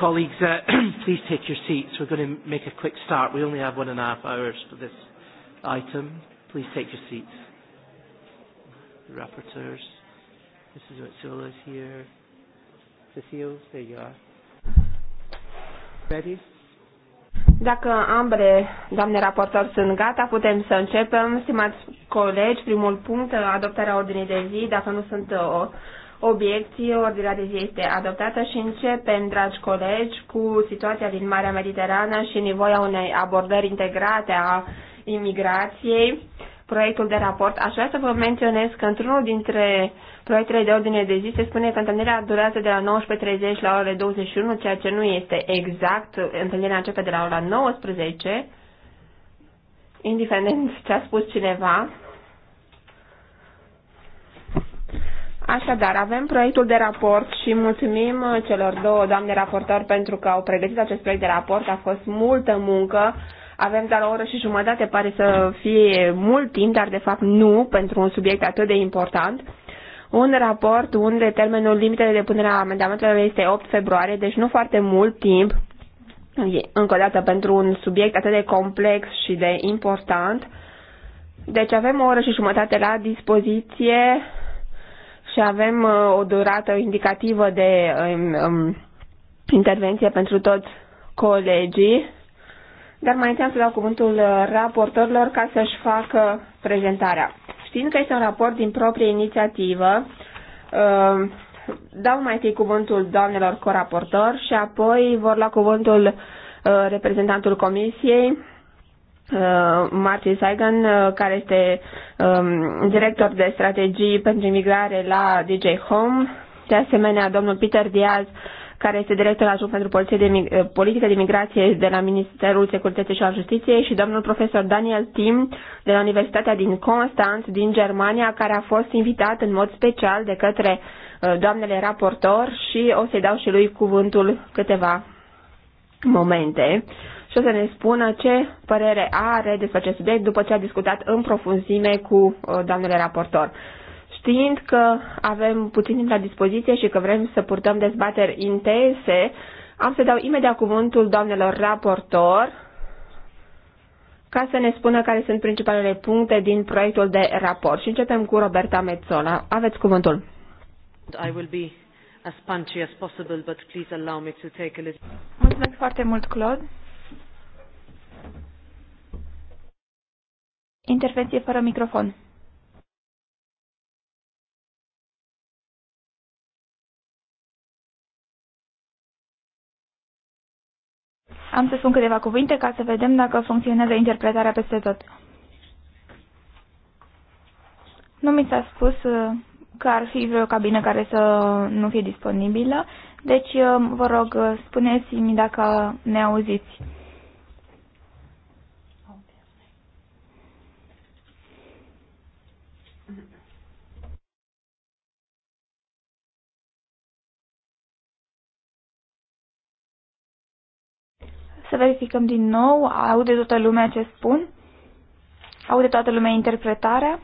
Colleagues, uh, please take your seats. We're going to make a quick start. We only have one and a half hours for this item. Please take your seats. The rapporteurs, Mrs. Mitsulla is here. Cecile, there you are. Ready? Dacă ambele, doamne raportor, sunt gata, putem să începem. Stimați colegi, primul punct, adoptarea ordinii de zi. Dacă nu sunt o uh, obiecții, ordinea de zi este adoptată și începem, dragi colegi, cu situația din Marea Mediterană și nevoia unei abordări integrate a imigrației. Proiectul de raport. Aș vrea să vă menționez că într-unul dintre proiectele de ordine de zi se spune că întâlnirea durează de la 19.30 la orele 21, ceea ce nu este exact. Întâlnirea începe de la ora 19, indiferent ce a spus cineva. Așadar, avem proiectul de raport și mulțumim uh, celor două doamne raportori pentru că au pregătit acest proiect de raport. A fost multă muncă. Avem doar o oră și jumătate, pare să fie mult timp, dar de fapt nu pentru un subiect atât de important. Un raport unde termenul limite de depunere a amendamentelor este 8 februarie, deci nu foarte mult timp, încă o dată pentru un subiect atât de complex și de important. Deci avem o oră și jumătate la dispoziție și avem uh, o durată indicativă de um, um, intervenție pentru toți colegii. Dar mai întâi să dau cuvântul uh, raportorilor ca să-și facă prezentarea. Știind că este un raport din proprie inițiativă, uh, dau mai întâi cuvântul doamnelor coraportori și apoi vor lua cuvântul reprezentantul comisiei, Uh, Martin Saigan, uh, care este um, director de strategii pentru imigrare la DJ Home, de asemenea domnul Peter Diaz, care este director adjunct pentru poliție de, uh, politică de migrație de la Ministerul Securității și al Justiției și domnul profesor Daniel Tim de la Universitatea din Constanț din Germania, care a fost invitat în mod special de către uh, doamnele raportor și o să-i dau și lui cuvântul câteva momente. Uh, și o să ne spună ce părere are despre acest subiect după ce a discutat în profunzime cu uh, doamnele raportor. Știind că avem puțin timp la dispoziție și că vrem să purtăm dezbateri intense, am să dau imediat cuvântul doamnelor raportor ca să ne spună care sunt principalele puncte din proiectul de raport. Și începem cu Roberta Mezzola. Aveți cuvântul. I will be as punchy as possible, but please allow me to take a little... Mulțumesc foarte mult, Claude. Intervenție fără microfon. Am să spun câteva cuvinte ca să vedem dacă funcționează interpretarea peste tot. Nu mi s-a spus uh, că ar fi vreo cabină care să nu fie disponibilă, deci uh, vă rog, spuneți-mi dacă ne auziți. Să verificăm din nou. Aude toată lumea ce spun? Aude toată lumea interpretarea?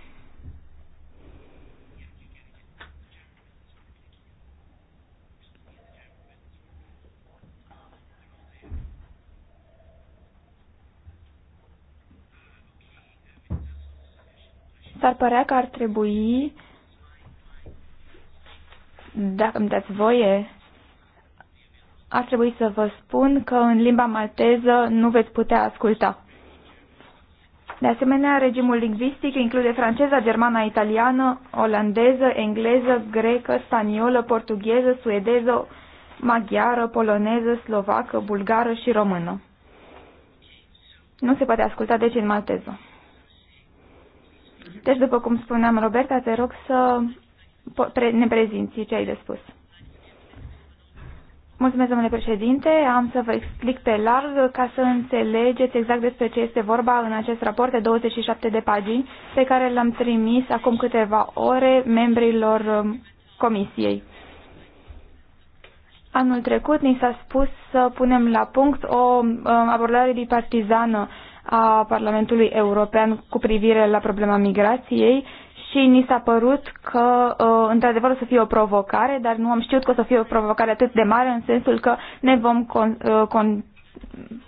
S-ar părea că ar trebui, dacă îmi dați voie, ar trebui să vă spun că în limba malteză nu veți putea asculta. De asemenea, regimul lingvistic include franceza, germana, italiană, olandeză, engleză, grecă, spaniolă, portugheză, suedeză, maghiară, poloneză, slovacă, bulgară și română. Nu se poate asculta deci în malteză. Deci, după cum spuneam, Roberta, te rog să ne prezinți ce ai de spus. Mulțumesc, domnule președinte. Am să vă explic pe larg ca să înțelegeți exact despre ce este vorba în acest raport de 27 de pagini pe care l-am trimis acum câteva ore membrilor um, comisiei. Anul trecut ni s-a spus să punem la punct o um, abordare bipartizană a Parlamentului European cu privire la problema migrației și ni s-a părut că ă, într-adevăr o să fie o provocare, dar nu am știut că o să fie o provocare atât de mare în sensul că ne vom con, ă, con,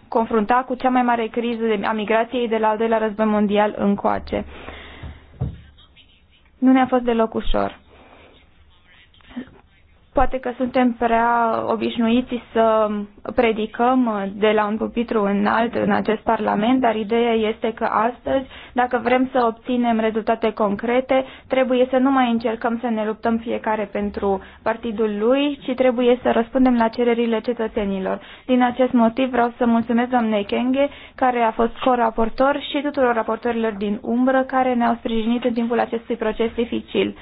confrunta cu cea mai mare criză a migrației de la al doilea război mondial încoace. Nu ne-a fost deloc ușor. Poate că suntem prea obișnuiți să predicăm de la un pupitru în alt în acest Parlament, dar ideea este că astăzi, dacă vrem să obținem rezultate concrete, trebuie să nu mai încercăm să ne luptăm fiecare pentru partidul lui, ci trebuie să răspundem la cererile cetățenilor. Din acest motiv vreau să mulțumesc doamnei Kenge, care a fost co-raportor și tuturor raportorilor din umbră care ne-au sprijinit în timpul acestui proces dificil.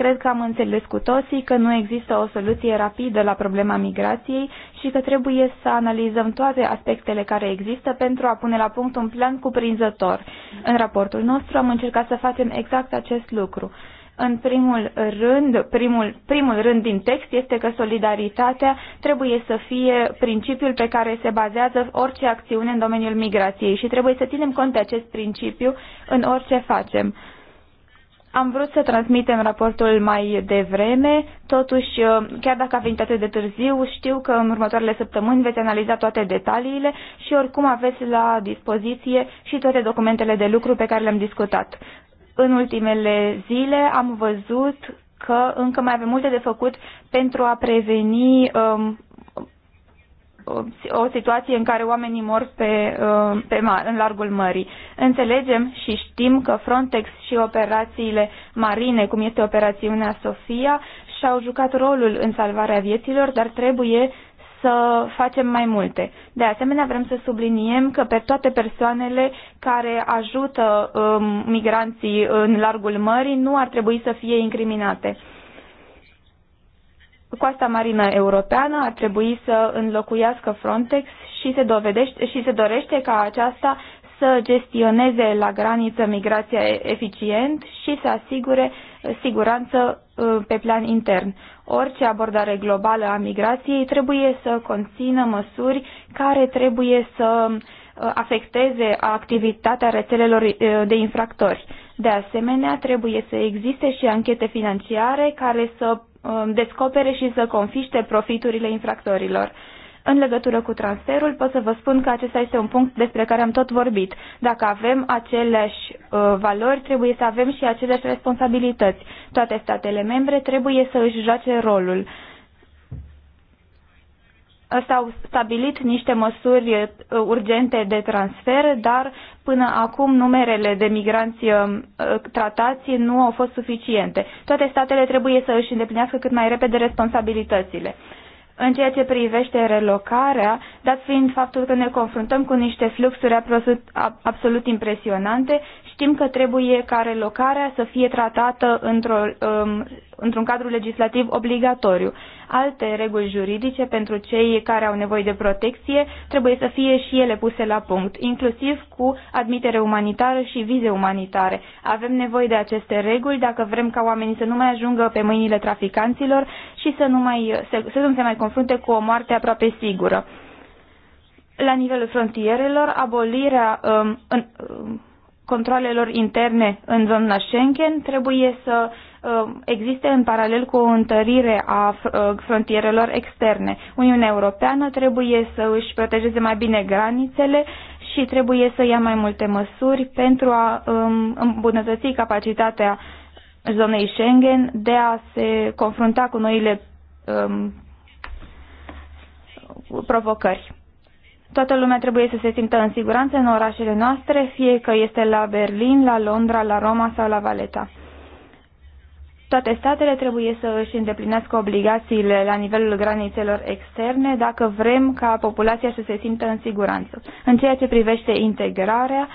Cred că am înțeles cu toții că nu există o soluție rapidă la problema migrației și că trebuie să analizăm toate aspectele care există pentru a pune la punct un plan cuprinzător. În raportul nostru am încercat să facem exact acest lucru. În primul rând, primul, primul rând din text este că solidaritatea trebuie să fie principiul pe care se bazează orice acțiune în domeniul migrației și trebuie să ținem cont de acest principiu în orice facem. Am vrut să transmitem raportul mai devreme, totuși, uh, chiar dacă a venit atât de târziu, știu că în următoarele săptămâni veți analiza toate detaliile și oricum aveți la dispoziție și toate documentele de lucru pe care le-am discutat. În ultimele zile am văzut că încă mai avem multe de făcut pentru a preveni um, o situație în care oamenii mor pe, uh, pe mar, în largul mării. Înțelegem și știm că Frontex și operațiile marine, cum este operațiunea Sofia, și-au jucat rolul în salvarea vieților, dar trebuie să facem mai multe. De asemenea, vrem să subliniem că pe toate persoanele care ajută um, migranții în largul mării nu ar trebui să fie incriminate Coasta Marină Europeană ar trebui să înlocuiască Frontex și se, dovedește, și se dorește ca aceasta să gestioneze la graniță migrația eficient și să asigure uh, siguranță uh, pe plan intern. Orice abordare globală a migrației trebuie să conțină măsuri care trebuie să uh, afecteze activitatea rețelelor de infractori. De asemenea, trebuie să existe și anchete financiare care să Um, descopere și să confiște profiturile infractorilor. În legătură cu transferul, pot să vă spun că acesta este un punct despre care am tot vorbit. Dacă avem aceleași uh, valori, trebuie să avem și aceleași responsabilități. Toate statele membre trebuie să își joace rolul. Uh, s-au stabilit niște măsuri uh, urgente de transfer, dar până acum numerele de migranți uh, tratați nu au fost suficiente. Toate statele trebuie să își îndeplinească cât mai repede responsabilitățile. În ceea ce privește relocarea, dat fiind faptul că ne confruntăm cu niște fluxuri absolut impresionante, știm că trebuie ca relocarea să fie tratată um, într-un într cadru legislativ obligatoriu alte reguli juridice pentru cei care au nevoie de protecție trebuie să fie și ele puse la punct, inclusiv cu admitere umanitară și vize umanitare. Avem nevoie de aceste reguli dacă vrem ca oamenii să nu mai ajungă pe mâinile traficanților și să nu, mai, să, să nu se mai confrunte cu o moarte aproape sigură. La nivelul frontierelor, abolirea um, în, um, controlelor interne în zona Schengen trebuie să uh, existe în paralel cu o întărire a uh, frontierelor externe. Uniunea Europeană trebuie să își protejeze mai bine granițele și trebuie să ia mai multe măsuri pentru a um, îmbunătăți capacitatea zonei Schengen de a se confrunta cu noile um, provocări. Toată lumea trebuie să se simtă în siguranță în orașele noastre, fie că este la Berlin, la Londra, la Roma sau la Valeta. Toate statele trebuie să își îndeplinească obligațiile la nivelul granițelor externe dacă vrem ca populația să se simtă în siguranță. În ceea ce privește integrarea,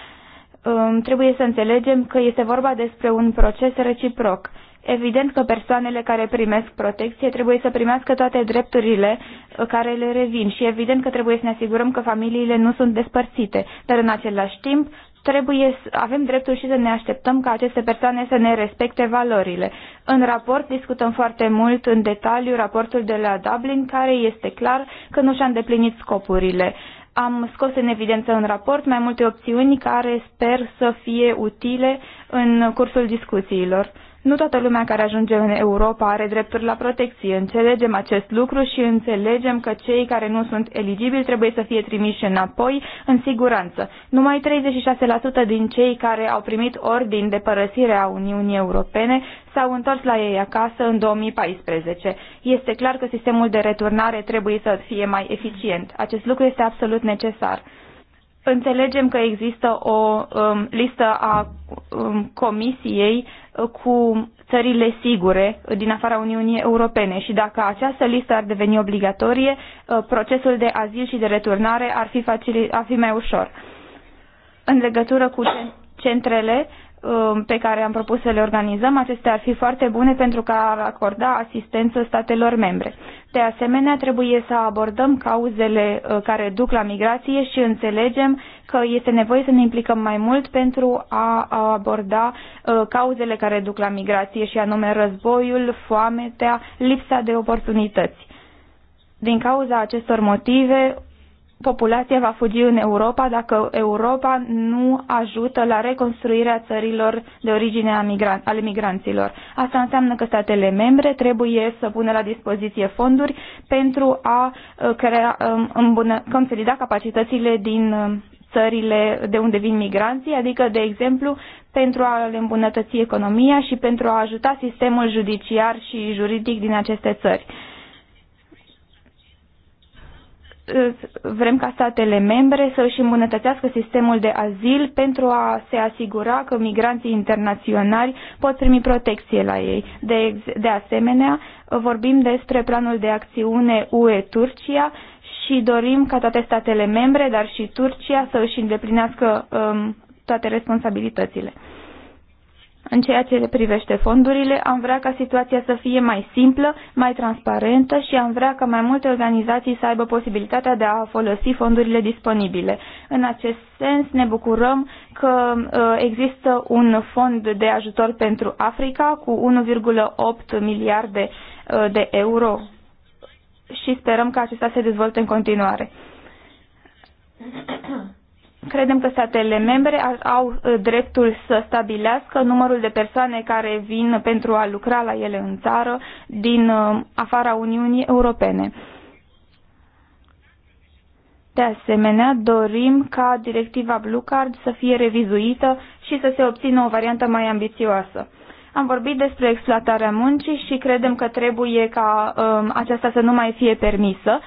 um, trebuie să înțelegem că este vorba despre un proces reciproc. Evident că persoanele care primesc protecție trebuie să primească toate drepturile care le revin și evident că trebuie să ne asigurăm că familiile nu sunt despărțite, dar în același timp trebuie să avem dreptul și să ne așteptăm ca aceste persoane să ne respecte valorile. În raport discutăm foarte mult în detaliu raportul de la Dublin, care este clar că nu și-a îndeplinit scopurile. Am scos în evidență în raport mai multe opțiuni care sper să fie utile în cursul discuțiilor. Nu toată lumea care ajunge în Europa are drepturi la protecție. Înțelegem acest lucru și înțelegem că cei care nu sunt eligibili trebuie să fie trimiși înapoi în siguranță. Numai 36% din cei care au primit ordin de părăsire a Uniunii Europene s-au întors la ei acasă în 2014. Este clar că sistemul de returnare trebuie să fie mai eficient. Acest lucru este absolut necesar. Înțelegem că există o um, listă a um, Comisiei uh, cu țările sigure din afara Uniunii Europene și dacă această listă ar deveni obligatorie, uh, procesul de azil și de returnare ar fi, facil, ar fi mai ușor. În legătură cu centrele, Um, pe care am propus să le organizăm, acestea ar fi foarte bune pentru că ar acorda asistență statelor membre. De asemenea, trebuie să abordăm cauzele uh, care duc la migrație și înțelegem că este nevoie să ne implicăm mai mult pentru a aborda uh, cauzele care duc la migrație și anume războiul, foametea, lipsa de oportunități. Din cauza acestor motive, Populația va fugi în Europa dacă Europa nu ajută la reconstruirea țărilor de origine a migran- ale migranților. Asta înseamnă că statele membre trebuie să pună la dispoziție fonduri pentru a uh, crea, um, îmbună, consolida capacitățile din uh, țările de unde vin migranții, adică, de exemplu, pentru a le îmbunătăți economia și pentru a ajuta sistemul judiciar și juridic din aceste țări vrem ca statele membre să își îmbunătățească sistemul de azil pentru a se asigura că migranții internaționali pot primi protecție la ei. De, de asemenea, vorbim despre planul de acțiune UE-Turcia și dorim ca toate statele membre, dar și Turcia, să își îndeplinească um, toate responsabilitățile. În ceea ce le privește fondurile, am vrea ca situația să fie mai simplă, mai transparentă și am vrea ca mai multe organizații să aibă posibilitatea de a folosi fondurile disponibile. În acest sens, ne bucurăm că uh, există un fond de ajutor pentru Africa cu 1,8 miliarde uh, de euro și sperăm că acesta se dezvolte în continuare. Credem că statele membre au uh, dreptul să stabilească numărul de persoane care vin pentru a lucra la ele în țară din uh, afara Uniunii Europene. De asemenea, dorim ca directiva Blue Card să fie revizuită și să se obțină o variantă mai ambițioasă. Am vorbit despre exploatarea muncii și credem că trebuie ca um, aceasta să nu mai fie permisă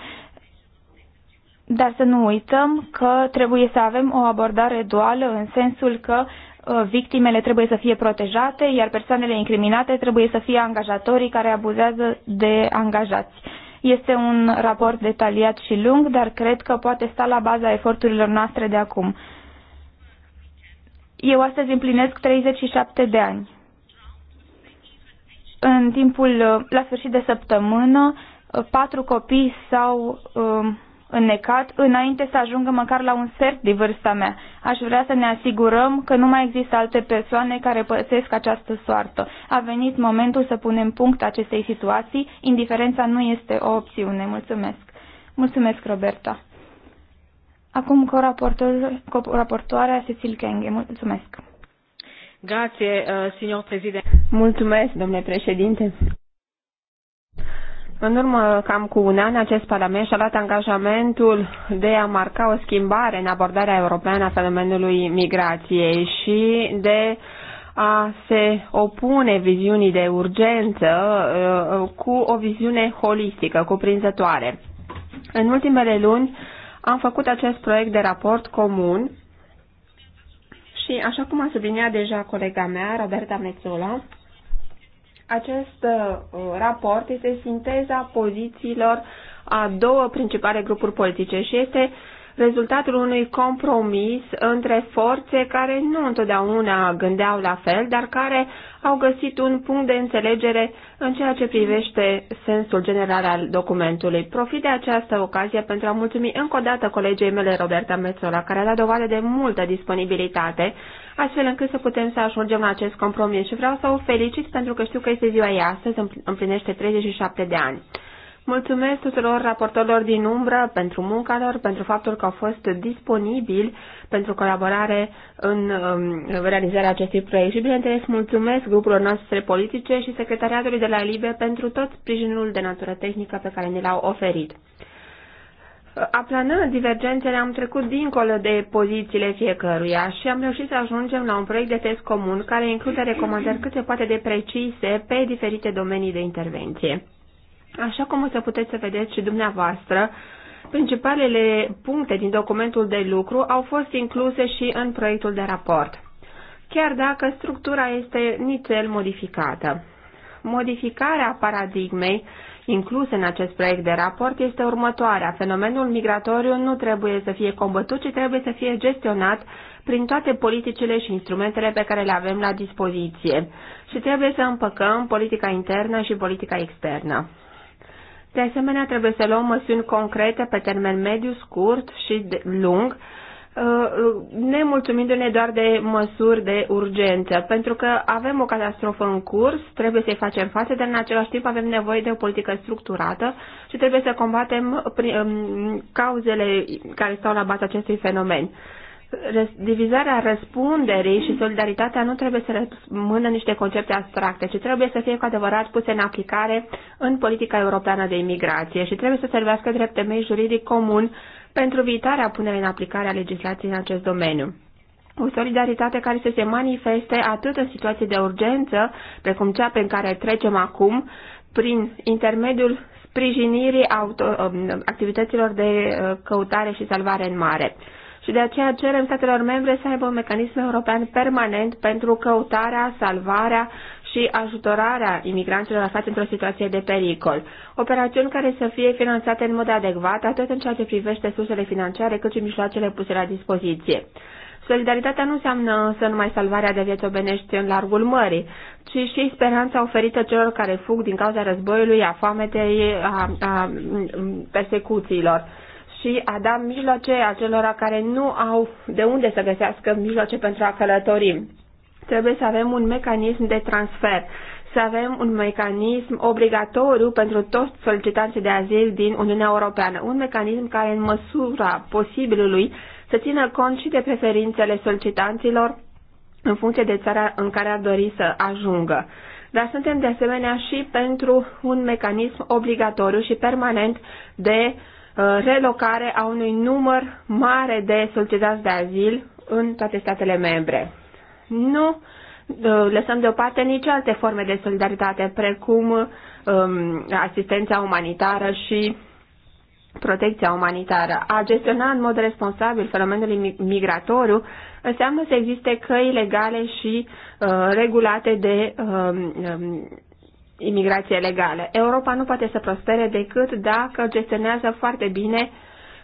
dar să nu uităm că trebuie să avem o abordare duală în sensul că uh, victimele trebuie să fie protejate, iar persoanele incriminate trebuie să fie angajatorii care abuzează de angajați. Este un raport detaliat și lung, dar cred că poate sta la baza eforturilor noastre de acum. Eu astăzi împlinesc 37 de ani. În timpul, uh, la sfârșit de săptămână, uh, patru copii s-au uh, înnecat înainte să ajungă măcar la un sfert de vârsta mea. Aș vrea să ne asigurăm că nu mai există alte persoane care păsesc această soartă. A venit momentul să punem punct acestei situații. Indiferența nu este o opțiune. Mulțumesc. Mulțumesc, Roberta. Acum cu, raportor, raportoarea Cecil Kenge. Mulțumesc. Grazie, uh, signor președinte. Mulțumesc, domnule președinte. În urmă, cam cu un an, acest Parlament și-a luat angajamentul de a marca o schimbare în abordarea europeană a fenomenului migrației și de a se opune viziunii de urgență uh, cu o viziune holistică, cuprinzătoare. În ultimele luni am făcut acest proiect de raport comun și, așa cum a subliniat deja colega mea, Roberta Mețola, acest uh, raport este sinteza pozițiilor a două principale grupuri politice și este rezultatul unui compromis între forțe care nu întotdeauna gândeau la fel, dar care au găsit un punct de înțelegere în ceea ce privește sensul general al documentului. Profit de această ocazie pentru a mulțumi încă o dată colegei mele, Roberta Mezzola, care a dat dovadă de multă disponibilitate astfel încât să putem să ajungem la acest compromis și vreau să o felicit pentru că știu că este ziua ei astăzi, împlinește 37 de ani. Mulțumesc tuturor raportorilor din umbră pentru munca lor, pentru faptul că au fost disponibili pentru colaborare în um, realizarea acestui proiect și, bineînțeles, mulțumesc grupurilor noastre politice și secretariatului de la LIBE pentru tot sprijinul de natură tehnică pe care ne l-au oferit. Aplanând divergențele, am trecut dincolo de pozițiile fiecăruia și am reușit să ajungem la un proiect de test comun care include recomandări cât se poate de precise pe diferite domenii de intervenție. Așa cum o să puteți să vedeți și dumneavoastră, principalele puncte din documentul de lucru au fost incluse și în proiectul de raport, chiar dacă structura este nițel modificată. Modificarea paradigmei incluse în acest proiect de raport este următoarea. Fenomenul migratoriu nu trebuie să fie combătut, ci trebuie să fie gestionat prin toate politicile și instrumentele pe care le avem la dispoziție și trebuie să împăcăm politica internă și politica externă. De asemenea, trebuie să luăm măsuni concrete pe termen mediu, scurt și lung, nemulțumindu-ne doar de măsuri de urgență, pentru că avem o catastrofă în curs, trebuie să-i facem față, dar în același timp avem nevoie de o politică structurată și trebuie să combatem um, cauzele care stau la baza acestui fenomen. Divizarea răspunderii și solidaritatea nu trebuie să rămână niște concepte abstracte, ci trebuie să fie cu adevărat puse în aplicare în politica europeană de imigrație și trebuie să servească drept temei juridic comun pentru viitarea punere în aplicare a legislației în acest domeniu. O solidaritate care să se manifeste atât în situații de urgență, precum cea pe care trecem acum, prin intermediul sprijinirii auto, um, activităților de uh, căutare și salvare în mare. Și de aceea cerem statelor membre să aibă un mecanism european permanent pentru căutarea, salvarea și ajutorarea imigranților aflați într-o situație de pericol. Operațiuni care să fie finanțate în mod adecvat, atât în ceea ce privește sursele financiare, cât și mijloacele puse la dispoziție. Solidaritatea nu înseamnă însă numai salvarea de vieți obenești în largul mării, ci și speranța oferită celor care fug din cauza războiului, a foametei, a, a mm, persecuțiilor și a da mijloace acelora care nu au de unde să găsească mijloace pentru a călători. Trebuie să avem un mecanism de transfer, să avem un mecanism obligatoriu pentru toți solicitanții de azil din Uniunea Europeană, un mecanism care în măsura posibilului să țină cont și de preferințele solicitanților în funcție de țara în care ar dori să ajungă. Dar suntem de asemenea și pentru un mecanism obligatoriu și permanent de uh, relocare a unui număr mare de solicitanți de azil în toate statele membre. Nu ă, lăsăm deoparte nici alte forme de solidaritate, precum um, asistența umanitară și protecția umanitară. A gestiona în mod responsabil fenomenul migratoriu înseamnă să existe căi legale și uh, regulate de um, um, imigrație legală. Europa nu poate să prospere decât dacă gestionează foarte bine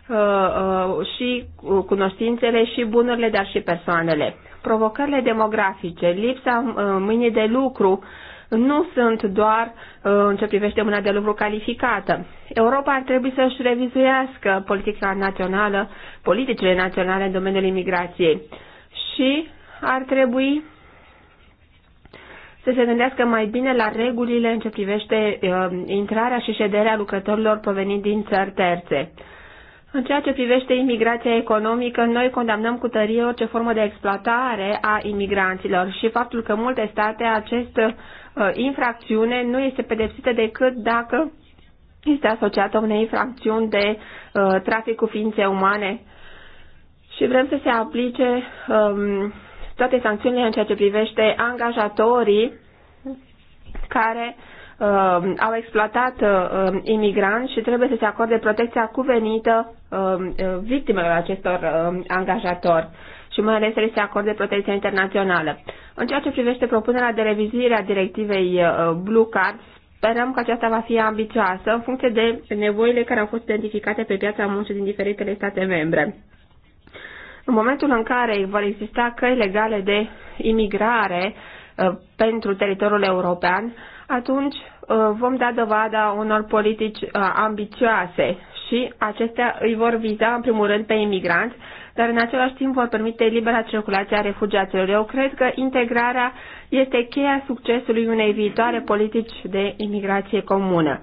uh, uh, și cunoștințele și bunurile, dar și persoanele. Provocările demografice, lipsa uh, mâinii de lucru, nu sunt doar uh, în ce privește mâna de lucru calificată. Europa ar trebui să-și revizuiască politica națională, politicile naționale în domeniul imigrației și ar trebui să se gândească mai bine la regulile în ce privește uh, intrarea și șederea lucrătorilor provenind din țări terțe. În ceea ce privește imigrația economică, noi condamnăm cu tărie orice formă de exploatare a imigranților și faptul că multe state această uh, infracțiune nu este pedepsită decât dacă este asociată unei infracțiuni de uh, trafic cu ființe umane. Și vrem să se aplice um, toate sancțiunile în ceea ce privește angajatorii care uh, uh, au exploatat uh, imigranți și trebuie să se acorde protecția cuvenită um, uh, victimelor acestor uh, angajatori și mai ales să se acorde protecția internațională. În ceea ce privește propunerea de revizire a directivei uh, Blue Card, sperăm că aceasta va fi ambițioasă în funcție de nevoile care au fost identificate pe piața muncii din diferitele state membre. În momentul în care vor exista căi legale de imigrare uh, pentru teritoriul european, atunci uh, vom da dovada unor politici uh, ambicioase și acestea îi vor viza în primul rând pe imigranți, dar în același timp vor permite libera circulație a refugiaților. Eu cred că integrarea este cheia succesului unei viitoare politici de imigrație comună.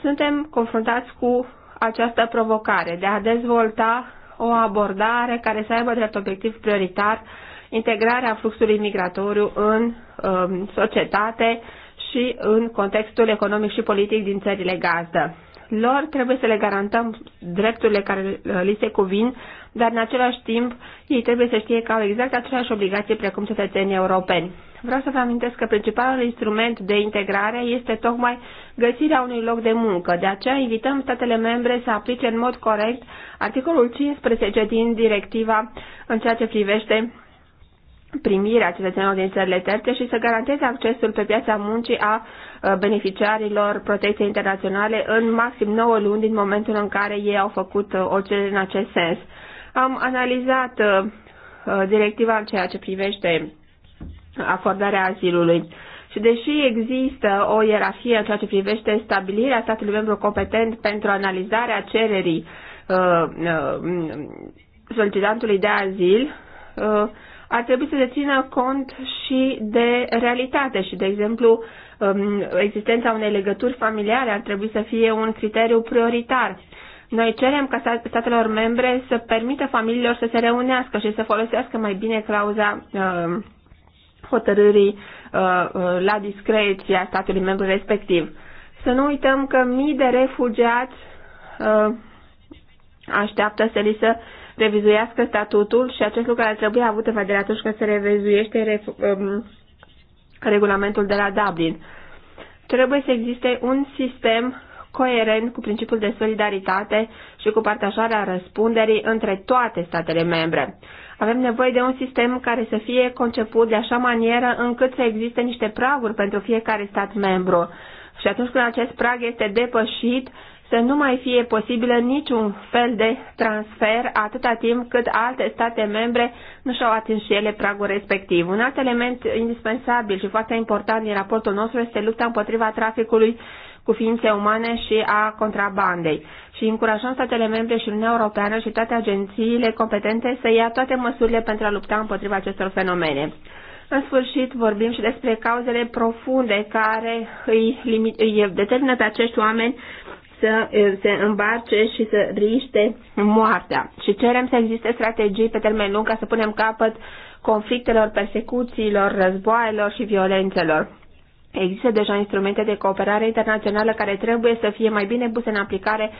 Suntem confruntați cu această provocare de a dezvolta o abordare care să aibă drept obiectiv prioritar integrarea fluxului migratoriu în um, societate, și în contextul economic și politic din țările gazdă. Lor trebuie să le garantăm drepturile care uh, li se cuvin, dar în același timp ei trebuie să știe că au exact aceleași obligații precum cetățenii europeni. Vreau să vă amintesc că principalul instrument de integrare este tocmai găsirea unui loc de muncă. De aceea invităm statele membre să aplice în mod corect articolul 15 din directiva în ceea ce privește primirea cetățenilor din țările terțe și să garanteze accesul pe piața muncii a uh, beneficiarilor protecției internaționale în maxim 9 luni din momentul în care ei au făcut uh, o cerere în acest sens. Am analizat uh, directiva în ceea ce privește acordarea azilului. Și deși există o ierarhie în ceea ce privește stabilirea statului membru competent pentru analizarea cererii uh, uh, solicitantului de azil, uh, ar trebui să se țină cont și de realitate și, de exemplu, um, existența unei legături familiale ar trebui să fie un criteriu prioritar. Noi cerem ca statelor membre să permită familiilor să se reunească și să folosească mai bine clauza um, hotărârii uh, uh, la discreția statului membru respectiv. Să nu uităm că mii de refugiați uh, așteaptă să li se revizuiască statutul și acest lucru ar trebui avut în vedere atunci când se revizuiește um, regulamentul de la Dublin. Trebuie să existe un sistem coerent cu principiul de solidaritate și cu partajarea răspunderii între toate statele membre. Avem nevoie de un sistem care să fie conceput de așa manieră încât să existe niște praguri pentru fiecare stat membru. Și atunci când acest prag este depășit, să nu mai fie posibilă niciun fel de transfer atâta timp cât alte state membre nu și-au atins și ele pragul respectiv. Un alt element indispensabil și foarte important din raportul nostru este lupta împotriva traficului cu ființe umane și a contrabandei și încurajăm statele membre și Uniunea Europeană și toate agențiile competente să ia toate măsurile pentru a lupta împotriva acestor fenomene. În sfârșit, vorbim și despre cauzele profunde care îi, limit, îi determină pe acești oameni să se îmbarce și să riște moartea. Și cerem să existe strategii pe termen lung ca să punem capăt conflictelor, persecuțiilor, războaielor și violențelor. Există deja instrumente de cooperare internațională care trebuie să fie mai bine puse în aplicare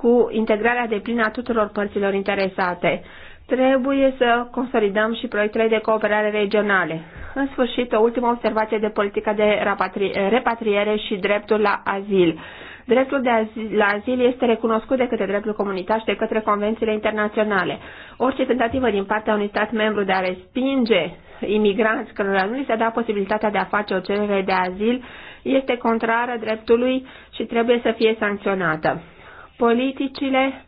cu integrarea de plină a tuturor părților interesate. Trebuie să consolidăm și proiectele de cooperare regionale. În sfârșit, o ultimă observație de politica de repatriere și dreptul la azil. Dreptul de azil, la azil este recunoscut de către dreptul comunitar și de către convențiile internaționale. Orice tentativă din partea unui stat membru de a respinge imigranți cărora nu li se da posibilitatea de a face o cerere de azil este contrară dreptului și trebuie să fie sancționată. Politicile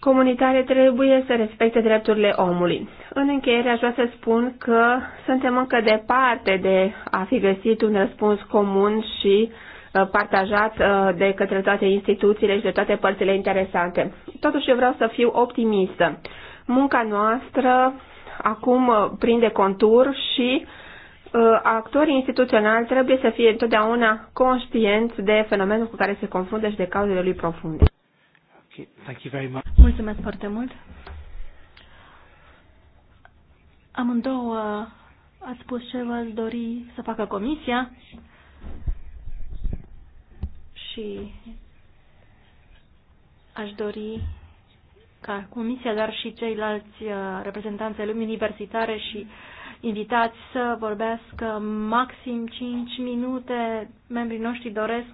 comunitare trebuie să respecte drepturile omului. În încheiere aș vrea să spun că suntem încă departe de a fi găsit un răspuns comun și uh, Uh, partajat uh, de către toate instituțiile și de toate părțile interesante. Totuși eu vreau să fiu optimistă. Munca noastră acum uh, prinde contur și actorii instituționali trebuie să fie întotdeauna conștienți de fenomenul cu care se confundă și de cauzele lui profunde. Okay, thank you very much. Mulțumesc foarte mult. Amândouă ați spus ce v-ați dori să facă comisia și aș dori ca Comisia, dar și ceilalți uh, reprezentanți ai lumii universitare și invitați să vorbească maxim 5 minute. Membrii noștri doresc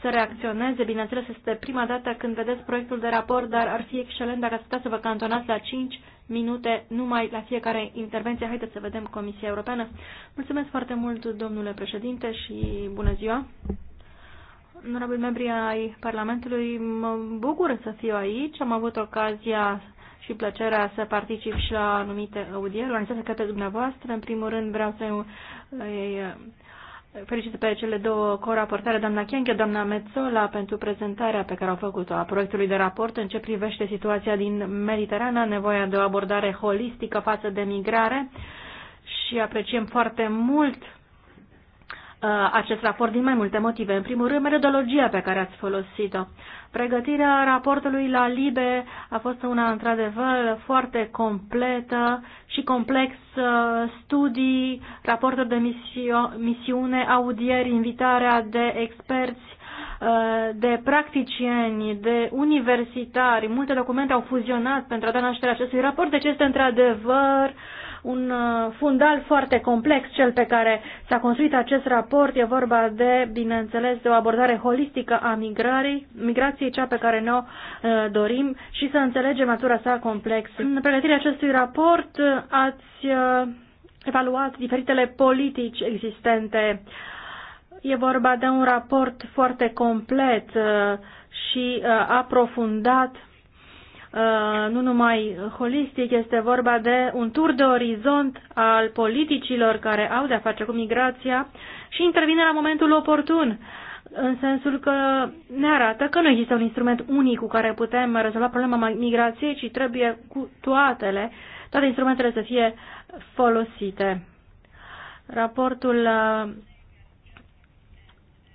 să reacționeze. Bineînțeles, este prima dată când vedeți proiectul de raport, dar ar fi excelent dacă ați putea să vă cantonați la 5 minute numai la fiecare intervenție. Haideți să vedem Comisia Europeană. Mulțumesc foarte mult, domnule președinte, și bună ziua! onorabili membri ai Parlamentului, mă bucur să fiu aici. Am avut ocazia și plăcerea să particip și la anumite audieri organizate către dumneavoastră. În primul rând vreau să îi uh, felicit pe cele două coraportare, doamna Chienche, doamna Mezzola, pentru prezentarea pe care au făcut-o a proiectului de raport în ce privește situația din Mediterana, nevoia de o abordare holistică față de migrare și apreciem foarte mult Uh, acest raport din mai multe motive. În primul rând, metodologia pe care ați folosit-o. Pregătirea raportului la LIBE a fost una, într-adevăr, foarte completă și complex. Uh, studii, raporturi de misio misiune, audieri, invitarea de experți, uh, de practicieni, de universitari. Multe documente au fuzionat pentru a da naștere acestui raport, deci este într-adevăr uh, un uh, fundal foarte complex, cel pe care s-a construit acest raport. E vorba de, bineînțeles, de o abordare holistică a migrării, migrației, cea pe care ne-o uh, dorim și să înțelegem natura sa complexă. În pregătirea acestui raport uh, ați evaluat diferitele politici existente. E vorba de un raport foarte complet și aprofundat Uh, nu numai holistic, este vorba de un tur de orizont al politicilor care au de-a face cu migrația și intervine la momentul oportun, în sensul că ne arată că nu există un instrument unic cu care putem rezolva problema migrației, ci trebuie cu toatele, toate instrumentele să fie folosite. Raportul uh,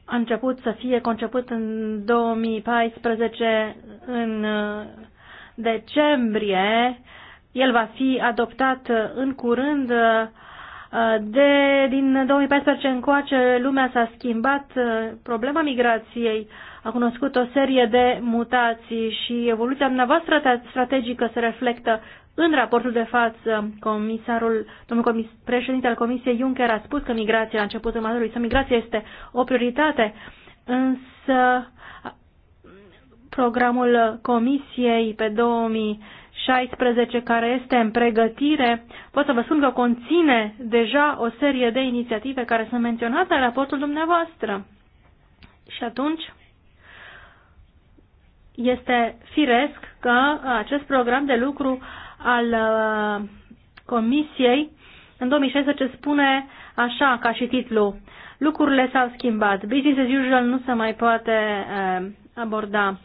a început să fie conceput în 2014 în uh, decembrie. El va fi adoptat în curând. Uh, de, din 2014 încoace, lumea s-a schimbat. Uh, problema migrației a cunoscut o serie de mutații și evoluția dumneavoastră strategică se reflectă în raportul de față, comisarul, domnul comis, președinte al Comisiei Juncker a spus că migrația a început în mandatul să migrația este o prioritate, însă programul Comisiei pe 2016 care este în pregătire, pot să vă spun că conține deja o serie de inițiative care sunt menționate în raportul dumneavoastră. Și atunci este firesc că acest program de lucru al uh, Comisiei în 2016 spune așa ca și titlu lucrurile s-au schimbat, business as usual nu se mai poate uh, aborda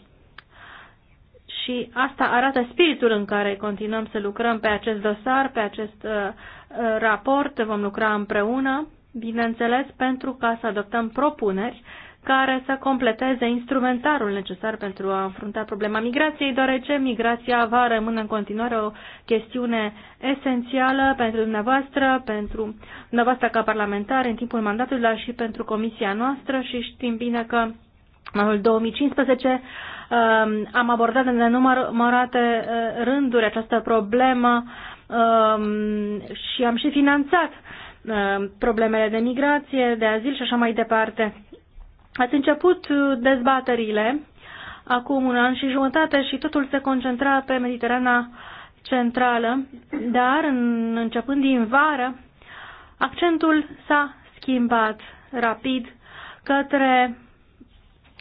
și asta arată spiritul în care continuăm să lucrăm pe acest dosar, pe acest uh, uh, raport. Vom lucra împreună, bineînțeles, pentru ca să adoptăm propuneri care să completeze instrumentarul necesar pentru a înfrunta problema migrației, deoarece migrația va rămâne în continuare o chestiune esențială pentru dumneavoastră, pentru dumneavoastră ca parlamentar în timpul mandatului, dar și pentru comisia noastră și știm bine că în anul 2015 am abordat în nenumărate eh, rânduri această problemă ehm, și am și finanțat ehm, problemele de migrație, de azil și așa mai departe. Ați început eh, dezbaterile acum un an și jumătate și totul se concentra pe Mediterana centrală, dar în, începând din vară, accentul s-a schimbat rapid către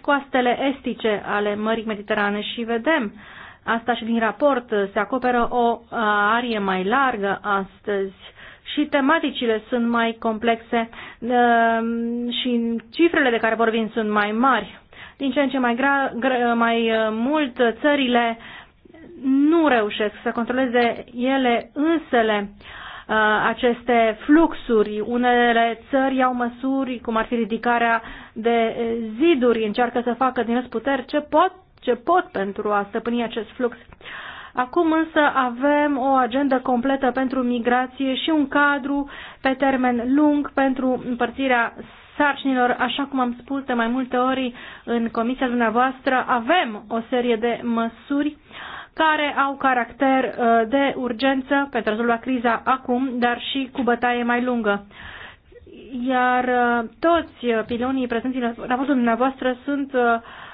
coastele estice ale Mării Mediterane și vedem asta și din raport se acoperă o arie mai largă astăzi și tematicile sunt mai complexe și cifrele de care vorbim sunt mai mari. Din ce în ce mai, gra, gra, mai mult țările nu reușesc să controleze ele însele uh, Uh, aceste fluxuri. Unele țări au măsuri, cum ar fi ridicarea de uh, ziduri, încearcă să facă din puteri ce pot, ce pot pentru a stăpâni acest flux. Acum însă avem o agendă completă pentru migrație și un cadru pe termen lung pentru împărțirea sarcinilor, așa cum am spus de mai multe ori în comisia dumneavoastră, avem o serie de măsuri uh, care au caracter uh, de urgență pentru a rezolva criza acum, dar și cu bătaie mai lungă. Iar uh, toți pilonii prezenți la votul dumneavoastră sunt uh,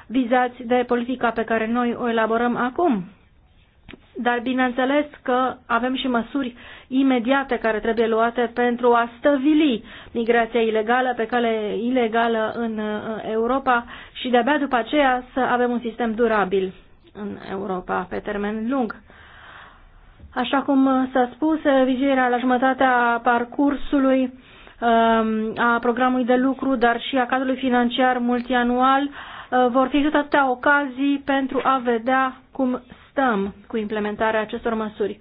vizați de politica pe care noi o elaborăm acum. Dar bineînțeles că avem și măsuri imediate care trebuie luate pentru a stăvili migrația ilegală pe cale ilegală în Europa și de-abia după aceea să avem un sistem durabil în Europa pe termen lung. Așa cum s-a spus, revizuirea la jumătatea parcursului um, a programului de lucru, dar și a cadrului financiar multianual, uh, vor fi tot atâtea ocazii pentru a vedea cum stăm cu implementarea acestor măsuri.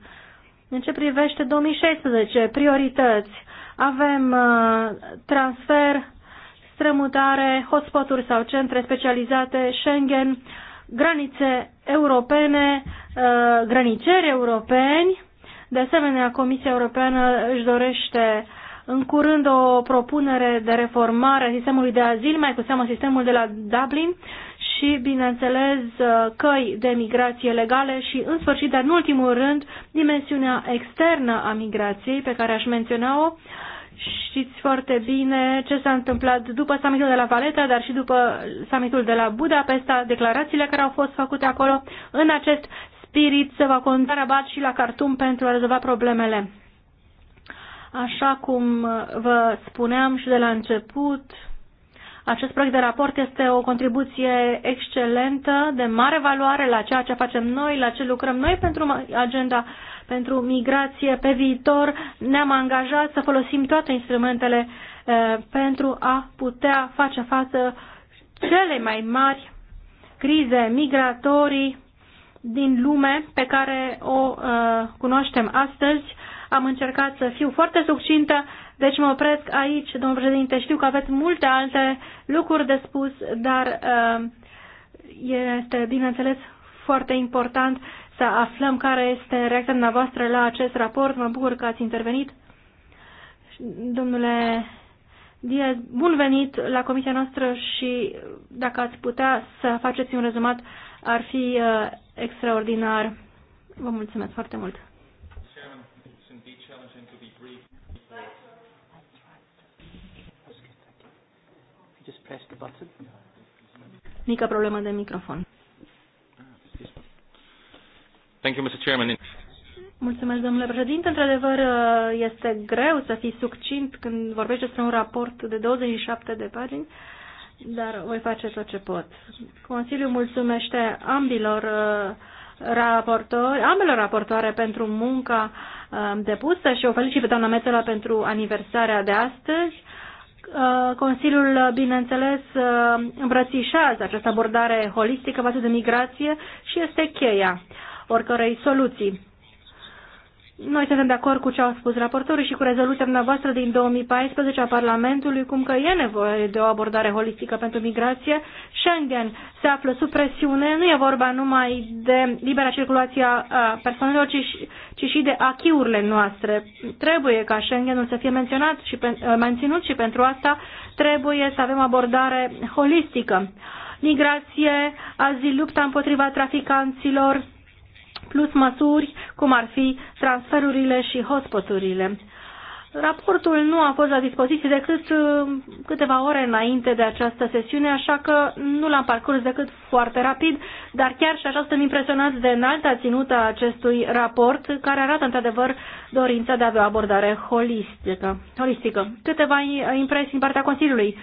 În ce privește 2016, priorități, avem uh, transfer, strămutare, hotspoturi sau centre specializate, Schengen, granițe europene, uh, grăniceri europeni. De asemenea, Comisia Europeană își dorește în curând o propunere de reformare a sistemului de azil, mai cu seamă sistemul de la Dublin și, bineînțeles, uh, căi de migrație legale și, în sfârșit, dar în ultimul rând, dimensiunea externă a migrației pe care aș menționa-o. Uh, Știți foarte bine ce s-a întâmplat după summitul de la Valeta, dar și după summitul de la Budapesta, declarațiile care au fost făcute acolo. În acest spirit se va conta rabat și la Cartum pentru a rezolva problemele. Așa cum vă spuneam și de la început, acest proiect de raport este o contribuție excelentă, de mare valoare la ceea ce facem noi, la ce lucrăm noi pentru agenda pentru migrație pe viitor. Ne-am angajat să folosim toate instrumentele eh, pentru a putea face față cele mai mari crize migratorii din lume pe care o uh, cunoaștem astăzi. Am încercat să fiu foarte succintă deci mă opresc aici, domnul președinte. Știu că aveți multe alte lucruri de spus, dar uh, este, bineînțeles, foarte important să aflăm care este reacția dumneavoastră la acest raport. Mă bucur că ați intervenit. Domnule Diaz, bun venit la comisia noastră și dacă ați putea să faceți un rezumat, ar fi uh, extraordinar. Vă mulțumesc foarte mult! just press the button. Mică problemă de microfon. Thank you, Mr. Chairman. Mulțumesc, domnule președinte. Într-adevăr, uh, este greu să fii succint când vorbești despre un raport de 27 de pagini, dar voi face tot ce pot. Consiliul mulțumește ambilor uh, raportori, ambelor raportoare pentru munca uh, depusă și o felicit pe doamna Metela pentru aniversarea de astăzi. Uh, Consiliul, uh, bineînțeles, uh, îmbrățișează această abordare holistică față de migrație și este cheia oricărei soluții. Noi suntem de acord cu ce au spus raportorii și cu rezoluția dumneavoastră din 2014 a Parlamentului, cum că e nevoie de o abordare holistică pentru migrație. Schengen se află sub presiune, nu e vorba numai de libera circulație a persoanelor, ci, ci și de achiurile noastre. Trebuie ca Schengenul să fie menționat și menținut și pentru asta trebuie să avem abordare holistică. Migrație, azil, lupta împotriva traficanților, plus măsuri cum ar fi transferurile și hospoturile. Raportul nu a fost la dispoziție decât uh, câteva ore înainte de această sesiune, așa că nu l-am parcurs decât foarte rapid, dar chiar și așa suntem impresionați de înalta ținută a acestui raport, care arată într-adevăr dorința de a avea o abordare holistică. holistică. Câteva impresii din partea Consiliului.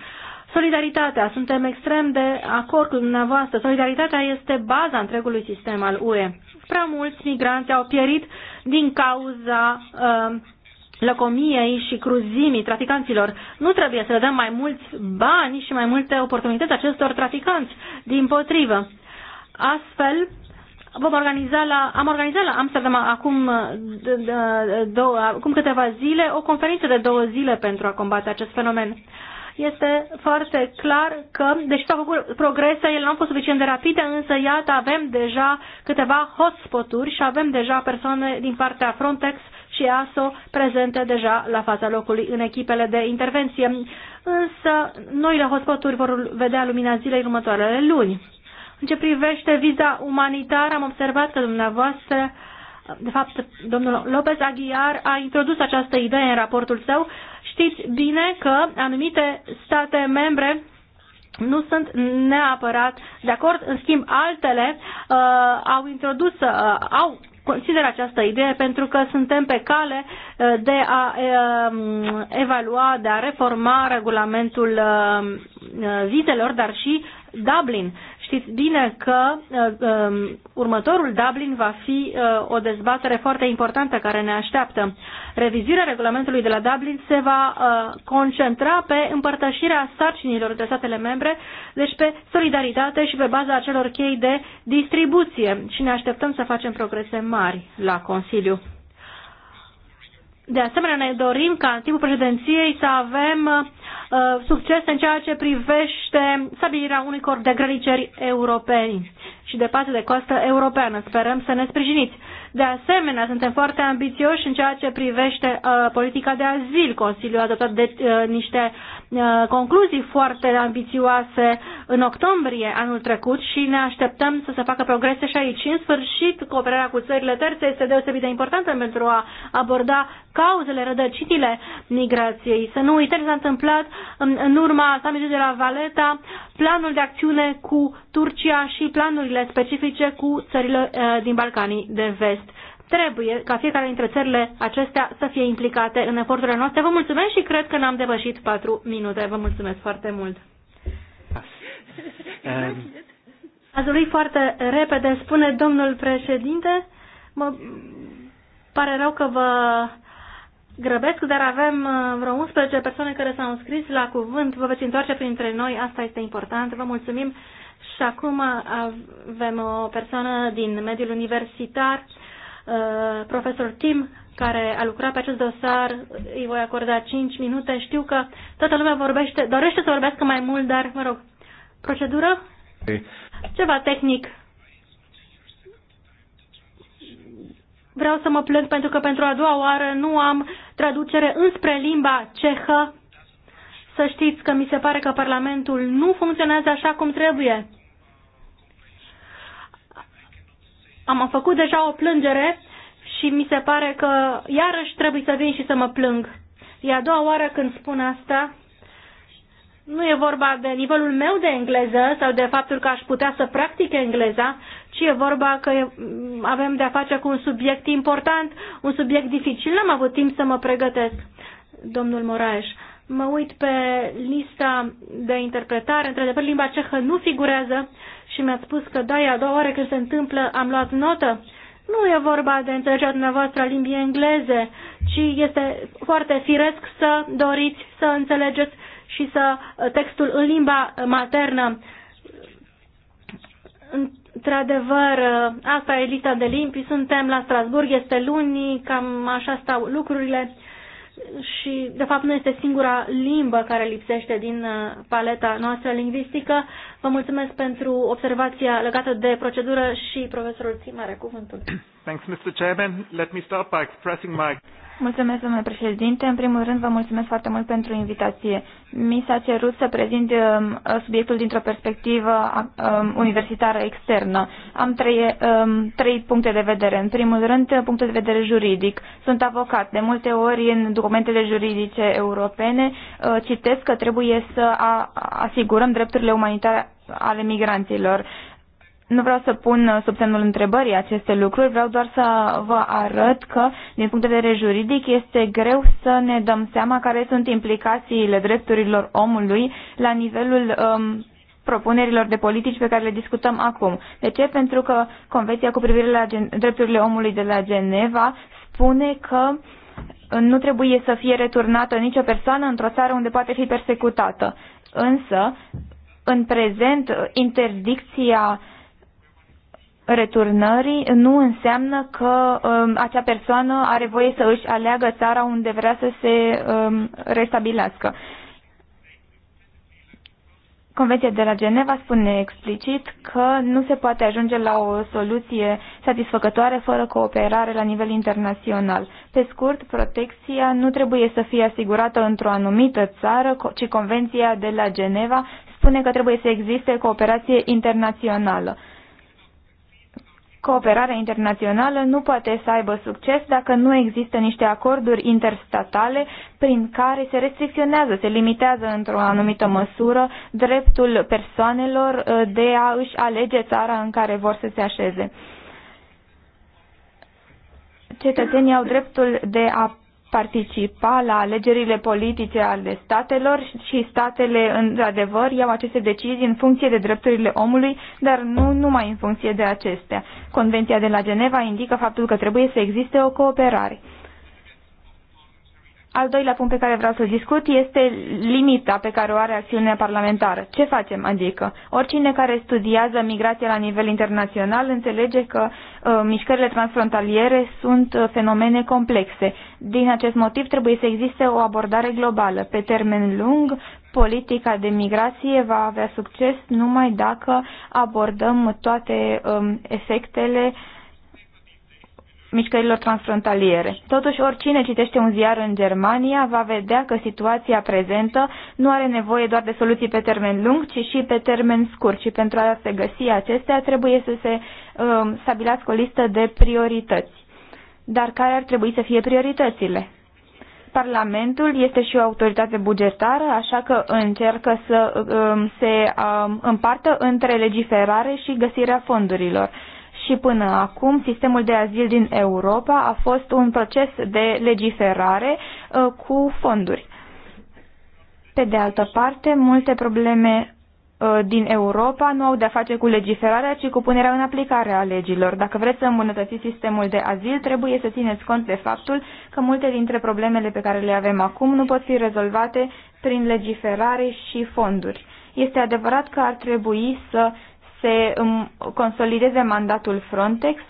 Solidaritatea. Suntem extrem de acord cu dumneavoastră. Solidaritatea este baza întregului sistem al UE prea mulți migranți au pierit din cauza uh, lăcomiei și cruzimii traficanților. Nu trebuie să le dăm mai mulți bani și mai multe oportunități acestor traficanți, din potrivă. Astfel, vom organiza la, am organizat la Amsterdam acum, două, acum câteva zile o conferință de două zile pentru a combate acest fenomen este foarte clar că, deși s-au făcut progrese, ele nu au fost suficient de rapide, însă iată avem deja câteva hotspoturi și avem deja persoane din partea Frontex și ASO prezente deja la fața locului în echipele de intervenție. Însă noile hotspoturi vor vedea lumina zilei următoarele luni. În ce privește viza umanitară, am observat că dumneavoastră de fapt, domnul Lopez Aguiar a introdus această idee în raportul său Știți bine că anumite state membre nu sunt neapărat de acord, în schimb altele uh, au introdus, uh, au consider această idee pentru că suntem pe cale uh, de a um, evalua, de a reforma regulamentul uh, uh, vizelor, dar și Dublin. Știți bine că uh, um, următorul Dublin va fi uh, o dezbatere foarte importantă care ne așteaptă. Revizirea regulamentului de la Dublin se va uh, concentra pe împărtășirea sarcinilor de statele membre, deci pe solidaritate și pe baza acelor chei de distribuție și ne așteptăm să facem progrese mari la Consiliu. De asemenea, ne dorim ca în timpul președinției să avem uh, Uh, succes în ceea ce privește stabilirea unui corp de grăniceri europeni și de pază de coastă europeană. Sperăm să ne sprijiniți. De asemenea, suntem foarte ambițioși în ceea ce privește uh, politica de azil. Consiliul a adoptat de, uh, niște Uh, concluzii foarte ambițioase în octombrie anul trecut și ne așteptăm să se facă progrese și aici. În sfârșit, cooperarea cu țările terțe este deosebit de importantă pentru a aborda cauzele, rădăcinile migrației. Să nu uităm ce s-a întâmplat în, în urma summitului de la Valeta, planul de acțiune cu Turcia și planurile specifice cu țările uh, din Balcanii de Vest. Trebuie ca fiecare dintre țările acestea să fie implicate în eforturile noastre. Vă mulțumesc și cred că n-am depășit patru minute. Vă mulțumesc foarte mult. Um, Ați dorit foarte repede, spune domnul președinte. Mă pare rău că vă grăbesc, dar avem uh, vreo 11 persoane care s-au înscris la cuvânt. Vă veți întoarce printre noi, asta este important. Vă mulțumim. Și acum avem o persoană din mediul universitar Uh, profesor Tim, care a lucrat pe acest dosar, îi voi acorda 5 minute. Știu că toată lumea vorbește, dorește să vorbească mai mult, dar, mă rog, procedură? Ceva tehnic. Vreau să mă plâng pentru că pentru a doua oară nu am traducere înspre limba cehă. Să știți că mi se pare că Parlamentul nu funcționează așa cum trebuie. Am făcut deja o plângere și mi se pare că iarăși trebuie să vin și să mă plâng. E a doua oară când spun asta. Nu e vorba de nivelul meu de engleză sau de faptul că aș putea să practic engleza, ci e vorba că avem de-a face cu un subiect important, un subiect dificil. N-am avut timp să mă pregătesc. Domnul Moraes, mă uit pe lista de interpretare, într-adevăr limba cehă nu figurează și mi-a spus că da, e a doua oară când se întâmplă, am luat notă. Nu e vorba de înțelegerea dumneavoastră a limbii engleze, ci este foarte firesc să doriți să înțelegeți și să uh, textul în limba maternă. Într-adevăr, uh, asta e lista de limbi, suntem la Strasburg, este luni, cam așa stau lucrurile și, de fapt, nu este singura limbă care lipsește din uh, paleta noastră lingvistică. Vă mulțumesc pentru observația legată de procedură și profesorul Țim are cuvântul. Thanks, Mr. Chairman. Let me start by expressing my... Mulțumesc, domnule președinte. În primul rând, vă mulțumesc foarte mult pentru invitație. Mi s-a cerut să prezint um, subiectul dintr-o perspectivă um, universitară externă. Am trei, um, trei puncte de vedere. În primul rând, punctul de vedere juridic. Sunt avocat. De multe ori, în documentele juridice europene, uh, citesc că trebuie să asigurăm drepturile umanitare ale migranților nu vreau să pun sub semnul întrebării aceste lucruri, vreau doar să vă arăt că, din punct de vedere juridic, este greu să ne dăm seama care sunt implicațiile drepturilor omului la nivelul um, propunerilor de politici pe care le discutăm acum. De ce? Pentru că Convenția cu privire la gen- drepturile omului de la Geneva spune că nu trebuie să fie returnată nicio persoană într-o țară unde poate fi persecutată. Însă, în prezent, interdicția uh, returnării nu înseamnă că um, acea persoană are voie să își aleagă țara unde vrea să se um, restabilească. Convenția de la Geneva spune explicit că nu se poate ajunge la o soluție satisfăcătoare fără cooperare la nivel internațional. Pe scurt, protecția nu trebuie să fie asigurată într-o anumită țară, ci Convenția de la Geneva spune că trebuie să existe cooperație internațională. Cooperarea internațională nu poate să aibă succes dacă nu există niște acorduri interstatale prin care se restricționează, se limitează într-o anumită măsură dreptul persoanelor uh, de a își alege țara în care vor să se așeze. Cetățenii au dreptul de a participa la alegerile politice ale statelor și statele, într-adevăr, iau aceste decizii în funcție de drepturile omului, dar nu numai în funcție de acestea. Convenția de la Geneva indică faptul că trebuie să existe o cooperare. Al doilea punct pe care vreau să discut este limita pe care o are acțiunea parlamentară. Ce facem? Adică, oricine care studiază migrația la nivel internațional înțelege că uh, mișcările transfrontaliere sunt uh, fenomene complexe. Din acest motiv trebuie să existe o abordare globală. Pe termen lung, politica de migrație va avea succes numai dacă abordăm toate uh, efectele uh, mișcărilor transfrontaliere. Totuși, oricine citește un ziar în Germania va vedea că situația prezentă nu are nevoie doar de soluții pe termen lung, ci și pe termen scurt. Și pentru a se găsi acestea, trebuie să se um, stabilească o listă de priorități. Dar care ar trebui să fie prioritățile? Parlamentul este și o autoritate bugetară, așa că încercă să um, se um, împartă între legiferare și găsirea fondurilor și până acum sistemul de azil din Europa a fost un proces de legiferare uh, cu fonduri. Pe de altă parte, multe probleme uh, din Europa nu au de-a face cu legiferarea, ci cu punerea în aplicare a legilor. Dacă vreți să îmbunătățiți sistemul de azil, trebuie să țineți cont de faptul că multe dintre problemele pe care le avem acum nu pot fi rezolvate prin legiferare și fonduri. Este adevărat că ar trebui să se consolideze mandatul Frontex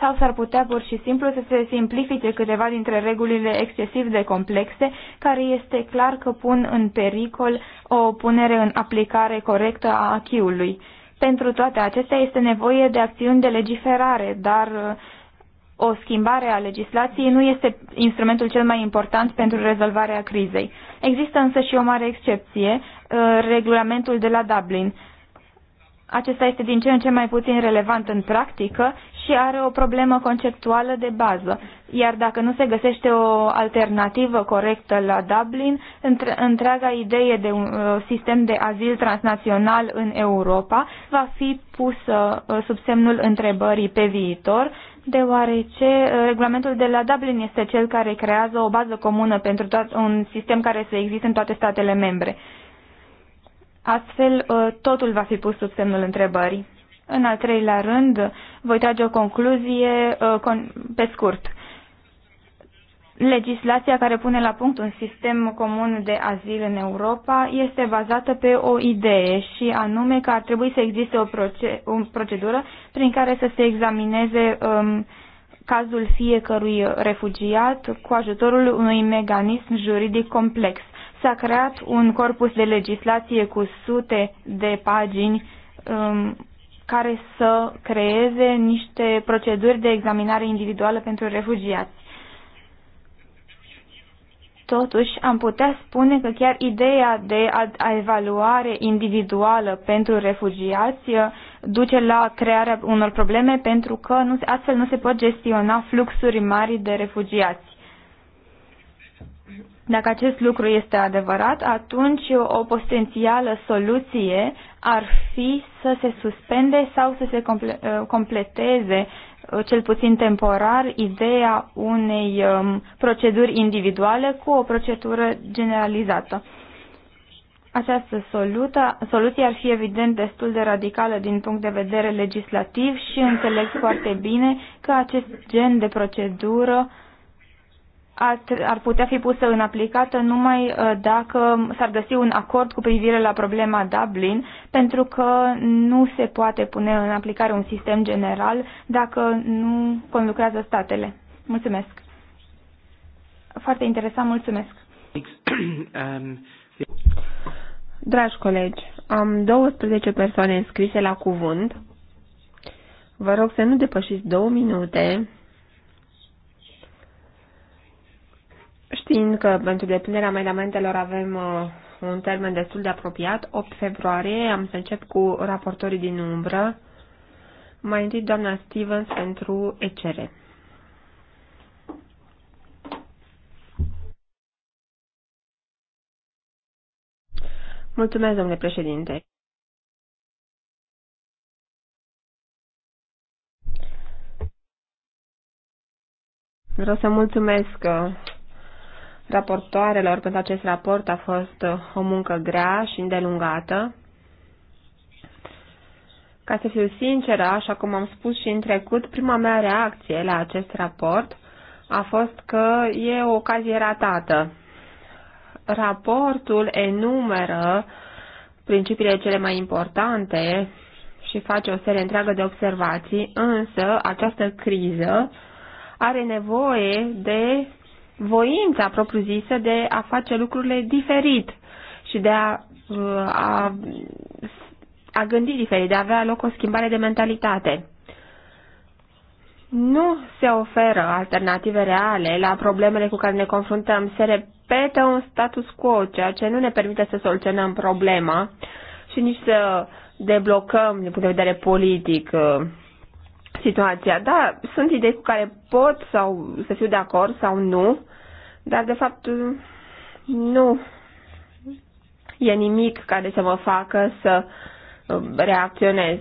sau s-ar putea pur și simplu să se simplifice câteva dintre regulile excesiv de complexe, care este clar că pun în pericol o punere în aplicare corectă a achiului. Pentru toate acestea este nevoie de acțiuni de legiferare, dar uh, o schimbare a legislației nu este instrumentul cel mai important pentru rezolvarea crizei. Există însă și o mare excepție, uh, regulamentul de la Dublin. Acesta este din ce în ce mai puțin relevant în practică și are o problemă conceptuală de bază. Iar dacă nu se găsește o alternativă corectă la Dublin, întreaga idee de un uh, sistem de azil transnațional în Europa va fi pusă uh, sub semnul întrebării pe viitor deoarece uh, regulamentul de la Dublin este cel care creează o bază comună pentru toat, un sistem care să existe în toate statele membre. Astfel, uh, totul va fi pus sub semnul întrebării. În al treilea rând, voi trage o concluzie uh, pe scurt. Legislația care pune la punct un sistem comun de azil în Europa este bazată pe o idee și anume că ar trebui să existe o, proce- o procedură prin care să se examineze um, cazul fiecărui refugiat cu ajutorul unui mecanism juridic complex. S-a creat un corpus de legislație cu sute de pagini um, care să creeze niște proceduri de examinare individuală pentru refugiați. Totuși, am putea spune că chiar ideea de a, evaluare individuală pentru refugiați uh, duce la crearea unor probleme pentru că nu, astfel nu se pot gestiona fluxuri mari de refugiați. Dacă acest lucru este adevărat, atunci o potențială soluție ar fi să se suspende sau să se comple uh, completeze Uh, cel puțin temporar, ideea unei um, proceduri individuale cu o procedură generalizată. Această soluta, soluție ar fi evident destul de radicală din punct de vedere legislativ și înțeleg foarte bine că acest gen de procedură uh, ar, ar putea fi pusă în aplicată numai uh, dacă s-ar găsi un acord cu privire la problema Dublin, pentru că nu se poate pune în aplicare un sistem general dacă nu conlucrează statele. Mulțumesc. Foarte interesant, mulțumesc. Dragi colegi, am 12 persoane înscrise la cuvânt. Vă rog să nu depășiți două minute fiindcă pentru deplinerea amendamentelor avem uh, un termen destul de apropiat, 8 februarie, am să încep cu raportorii din umbră. Mai întâi doamna Stevens pentru ECR. Mulțumesc, domnule președinte. Vreau să mulțumesc uh, raportoarelor pentru acest raport a fost uh, o muncă grea și îndelungată. Ca să fiu sinceră, așa cum am spus și în trecut, prima mea reacție la acest raport a fost că e o ocazie ratată. Raportul enumeră principiile cele mai importante și face o serie întreagă de observații, însă această criză are nevoie de voința propriu-zisă de a face lucrurile diferit și de a, uh, a, a gândi diferit, de a avea loc o schimbare de mentalitate. Nu se oferă alternative reale la problemele cu care ne confruntăm. Se repetă un status quo, ceea ce nu ne permite să soluționăm problema și nici să deblocăm, din punct de vedere politic, uh, situația. Da, sunt idei cu care pot sau să fiu de acord sau nu, dar, de fapt, nu e nimic care să mă facă să um, reacționez.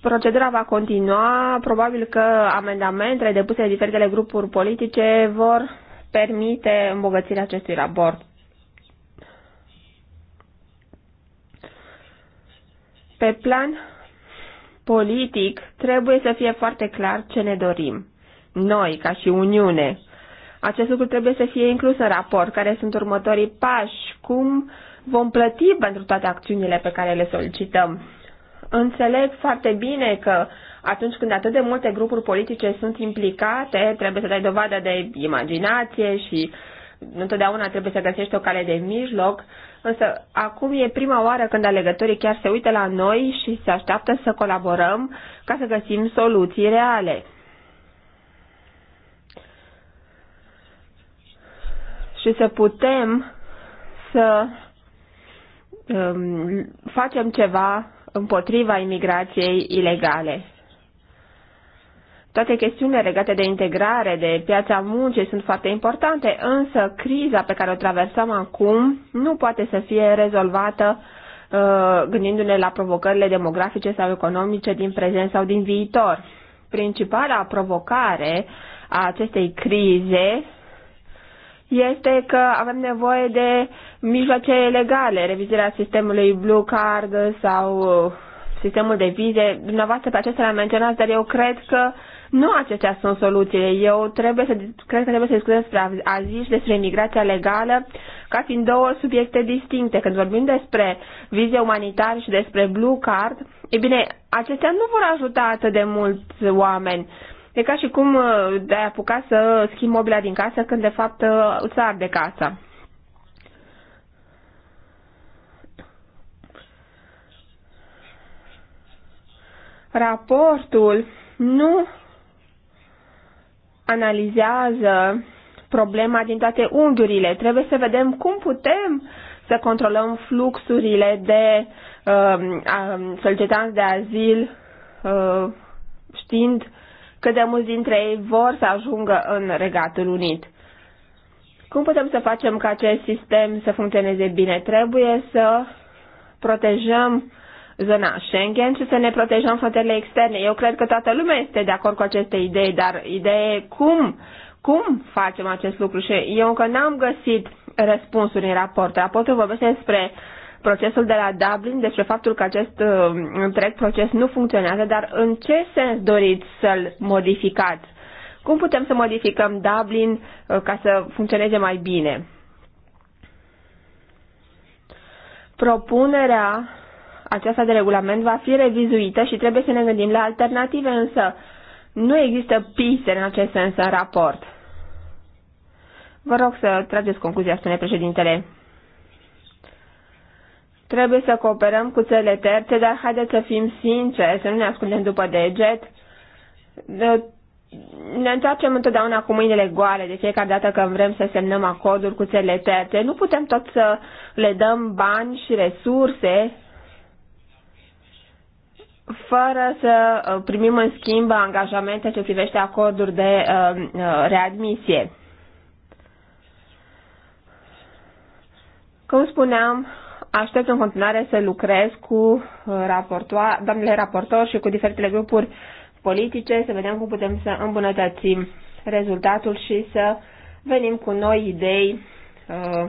Procedura va continua, probabil că amendamentele depuse de diferitele grupuri politice vor permite îmbogățirea acestui raport. Pe plan politic, trebuie să fie foarte clar ce ne dorim. Noi, ca și Uniune, acest lucru trebuie să fie inclus în raport, care sunt următorii pași, cum vom plăti pentru toate acțiunile pe care le solicităm. Înțeleg foarte bine că atunci când atât de multe grupuri politice sunt implicate, trebuie să dai dovadă de imaginație și întotdeauna trebuie să găsești o cale de mijloc, însă acum e prima oară când alegătorii chiar se uită la noi și se așteaptă să colaborăm ca să găsim soluții reale. și să putem să um, facem ceva împotriva imigrației ilegale. Toate chestiunile legate de integrare, de piața muncii sunt foarte importante, însă criza pe care o traversăm acum nu poate să fie rezolvată uh, gândindu-ne la provocările demografice sau economice din prezent sau din viitor. Principala provocare a acestei crize este că avem nevoie de mijloace legale, revizirea sistemului Blue Card sau uh, sistemul de vize. Dumneavoastră pe acestea le-am menționat, dar eu cred că nu acestea sunt soluțiile. Eu trebuie să, cred că trebuie să discutăm despre azil și despre imigrația legală ca fiind două subiecte distincte. Când vorbim despre vize umanitare și despre blue card, e bine, acestea nu vor ajuta atât de mulți oameni. E ca și cum uh, de-ai apucat să schimbi mobila din casă când de fapt uh, îți arde casa. Raportul nu analizează problema din toate unghiurile. Trebuie să vedem cum putem să controlăm fluxurile de uh, um, solicitanți de azil uh, știind cât de mulți dintre ei vor să ajungă în Regatul Unit. Cum putem să facem ca acest sistem să funcționeze bine? Trebuie să protejăm zona Schengen și să ne protejăm frontierele externe. Eu cred că toată lumea este de acord cu aceste idei, dar idee cum, cum facem acest lucru și eu încă n-am găsit răspunsuri în raport. Raportul vorbește despre procesul de la Dublin, despre faptul că acest uh, întreg proces nu funcționează, dar în ce sens doriți să-l modificați? Cum putem să modificăm Dublin uh, ca să funcționeze mai bine? Propunerea aceasta de regulament va fi revizuită și trebuie să ne gândim la alternative, însă nu există piste în acest sens în raport. Vă rog să trageți concluzia, spune președintele. Trebuie să cooperăm cu țările terțe, dar haideți să fim sinceri, să nu ne ascundem după deget. Ne întoarcem întotdeauna cu mâinile goale de fiecare dată când vrem să semnăm acorduri cu țările terțe. Nu putem tot să le dăm bani și resurse fără să uh, primim în schimb angajamente ce privește acorduri de uh, uh, readmisie. Cum spuneam, aștept în continuare să lucrez cu uh, doamnele raportor și cu diferitele grupuri politice, să vedem cum putem să îmbunătățim rezultatul și să venim cu noi idei uh,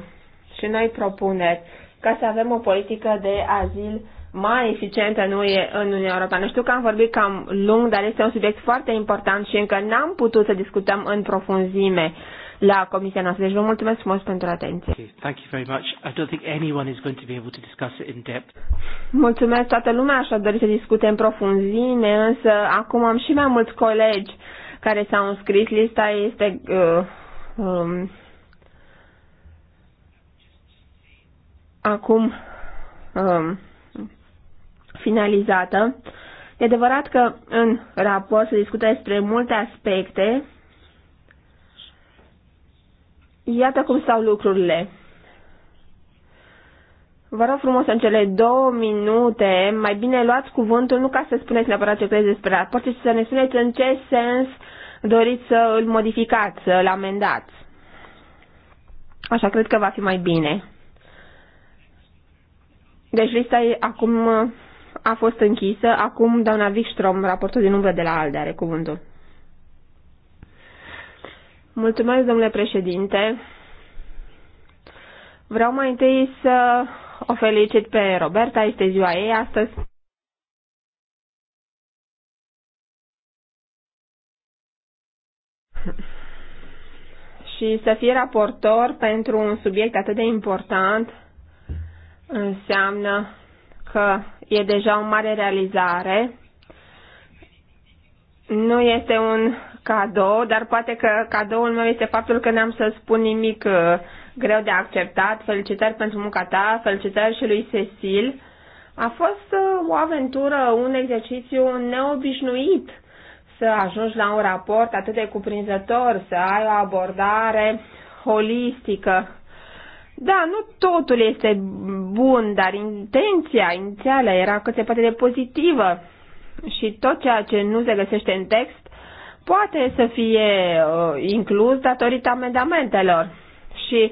și noi propuneri ca să avem o politică de azil mai eficientă nu e în Uniunea Europeană. Știu că am vorbit cam lung, dar este un subiect foarte important și încă n-am putut să discutăm în profunzime la comisia noastră. Deci vă mulțumesc frumos pentru atenție. Mulțumesc toată lumea, aș dori să discute în profunzime, însă acum am și mai mulți colegi care s-au înscris. Lista este uh, um, acum um, finalizată. E adevărat că în raport se discută despre multe aspecte, Iată cum stau lucrurile. Vă rog frumos, în cele două minute, mai bine luați cuvântul, nu ca să spuneți neapărat ce credeți despre raport, ci să ne spuneți în ce sens doriți să îl modificați, să îl amendați. Așa cred că va fi mai bine. Deci lista e, acum a fost închisă. Acum doamna Wikström, raportul din umbră de la ALDE, are cuvântul. Mulțumesc, domnule președinte. Vreau mai întâi să o felicit pe Roberta, este ziua ei astăzi. Și să fie raportor pentru un subiect atât de important înseamnă că e deja o mare realizare. Nu este un cadou, dar poate că cadoul meu este faptul că n-am să spun nimic uh, greu de acceptat. Felicitări pentru munca ta, felicitări și lui Cecil. A fost uh, o aventură, un exercițiu neobișnuit să ajungi la un raport atât de cuprinzător, să ai o abordare holistică. Da, nu totul este bun, dar intenția inițială era cât se poate de pozitivă și tot ceea ce nu se găsește în text poate să fie uh, inclus datorită amendamentelor. Și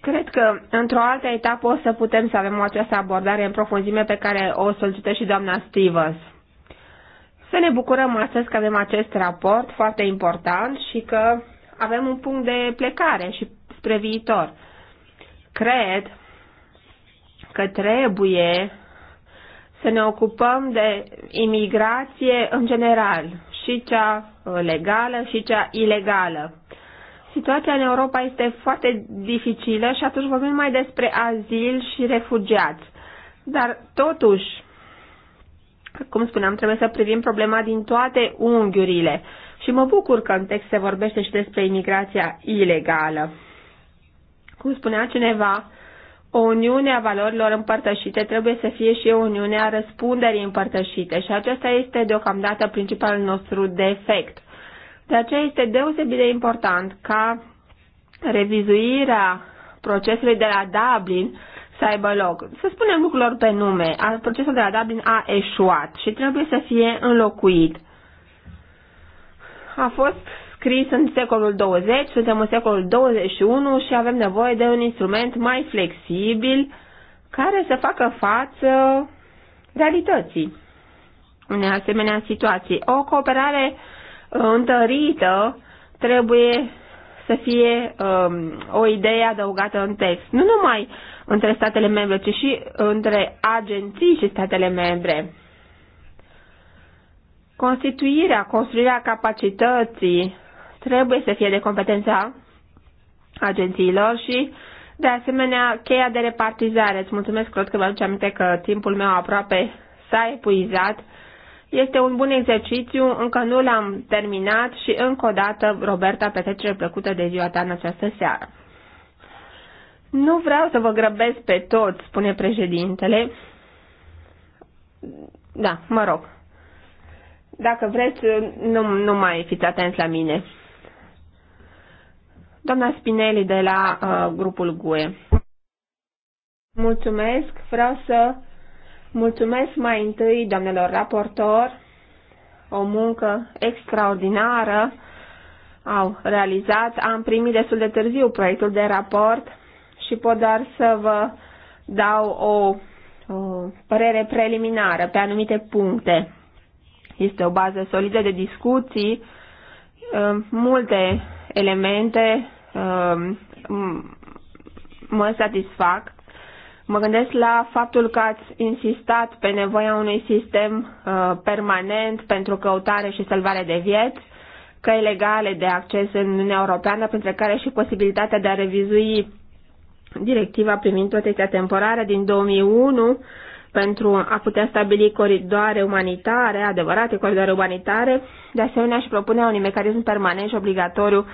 cred că într-o altă etapă o să putem să avem această abordare în profunzime pe care o solicită și doamna Stevens. Să ne bucurăm astăzi că avem acest raport foarte important și că avem un punct de plecare și spre viitor. Cred că trebuie să ne ocupăm de imigrație în general, și cea uh, legală și cea ilegală. Situația în Europa este foarte dificilă și atunci vorbim mai despre azil și refugiați. Dar totuși, cum spuneam, trebuie să privim problema din toate unghiurile. Și mă bucur că în text se vorbește și despre imigrația ilegală. Cum spunea cineva, o uniune a valorilor împărtășite trebuie să fie și o uniune a răspunderii împărtășite și acesta este deocamdată principalul nostru defect. De aceea este deosebit de important ca revizuirea procesului de la Dublin să aibă loc. Să spunem lucrurilor pe nume, procesul de la Dublin a eșuat și trebuie să fie înlocuit. A fost scris în secolul 20, suntem în secolul 21 și avem nevoie de un instrument mai flexibil care să facă față realității unei asemenea situații. O cooperare uh, întărită trebuie să fie um, o idee adăugată în text, nu numai între statele membre, ci și între agenții și statele membre. Constituirea, construirea capacității trebuie să fie de competența agențiilor și, de asemenea, cheia de repartizare. Îți mulțumesc, Claude, că vă aduce aminte că timpul meu aproape s-a epuizat. Este un bun exercițiu, încă nu l-am terminat și încă o dată, Roberta, petrecere plăcută de ziua ta în această seară. Nu vreau să vă grăbesc pe toți, spune președintele. Da, mă rog. Dacă vreți, nu, nu mai fiți atenți la mine. Doamna Spinelli de la uh, grupul GUE. Mulțumesc, vreau să mulțumesc mai întâi doamnelor raportor, o muncă extraordinară au realizat. Am primit destul de târziu proiectul de raport și pot doar să vă dau o, o părere preliminară pe anumite puncte. Este o bază solidă de discuții, uh, multe elemente Um, mă satisfac. Mă gândesc la faptul că ați insistat pe nevoia unui sistem uh, permanent pentru căutare și salvare de vieți, căi legale de acces în Uniunea Europeană, printre care și posibilitatea de a revizui directiva privind protecția temporară din 2001 pentru a putea stabili coridoare umanitare, adevărate coridoare umanitare, de asemenea și propunea unui mecanism permanent și obligatoriu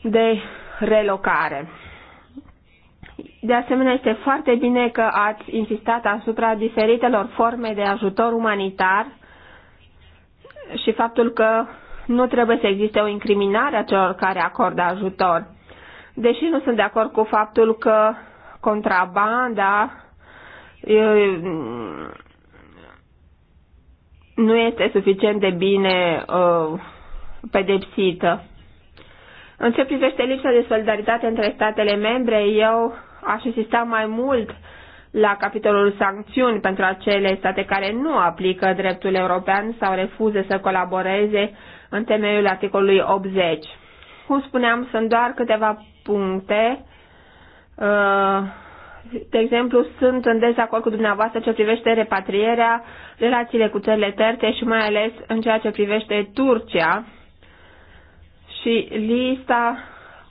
de relocare. De asemenea, este foarte bine că ați insistat asupra diferitelor forme de ajutor umanitar și faptul că nu trebuie să existe o incriminare a celor care acordă ajutor. Deși nu sunt de acord cu faptul că contrabanda nu este suficient de bine uh, pedepsită. În ce privește lipsa de solidaritate între statele membre, eu aș insista mai mult la capitolul sancțiuni pentru acele state care nu aplică dreptul european sau refuză să colaboreze în temeiul articolului 80. Cum spuneam, sunt doar câteva puncte. Uh, de exemplu, sunt în dezacord cu dumneavoastră ce privește repatrierea, relațiile cu țările terțe și mai ales în ceea ce privește Turcia, și lista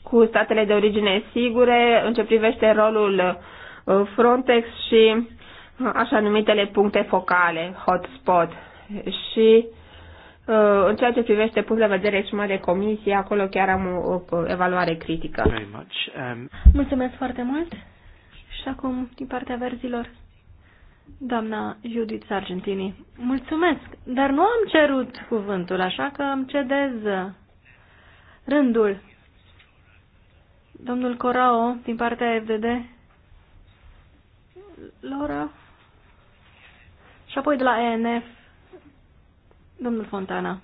cu statele de origine sigure în ce privește rolul uh, Frontex și uh, așa numitele puncte focale, hotspot. Și uh, în ceea ce privește punctul de vedere exprimat de comisie, acolo chiar am o, o evaluare critică. Um... Mulțumesc foarte mult. Și acum, din partea verzilor, doamna Judith Sargentini. Mulțumesc, dar nu am cerut cuvântul, așa că îmi cedez rândul. Domnul Corao, din partea FDD, Laura, și apoi de la ENF, domnul Fontana.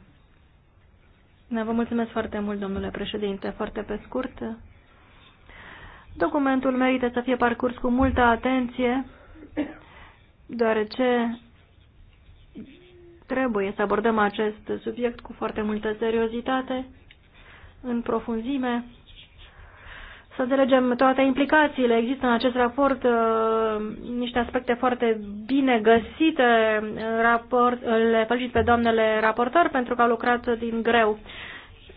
Ne da, vă mulțumesc foarte mult, domnule președinte, foarte pe scurt. Documentul merită să fie parcurs cu multă atenție, deoarece trebuie să abordăm acest subiect cu foarte multă seriozitate în profunzime, să înțelegem toate implicațiile. Există în acest raport uh, niște aspecte foarte bine găsite. Uh, raport, uh, le felicit pe doamnele raportor pentru că au lucrat din greu.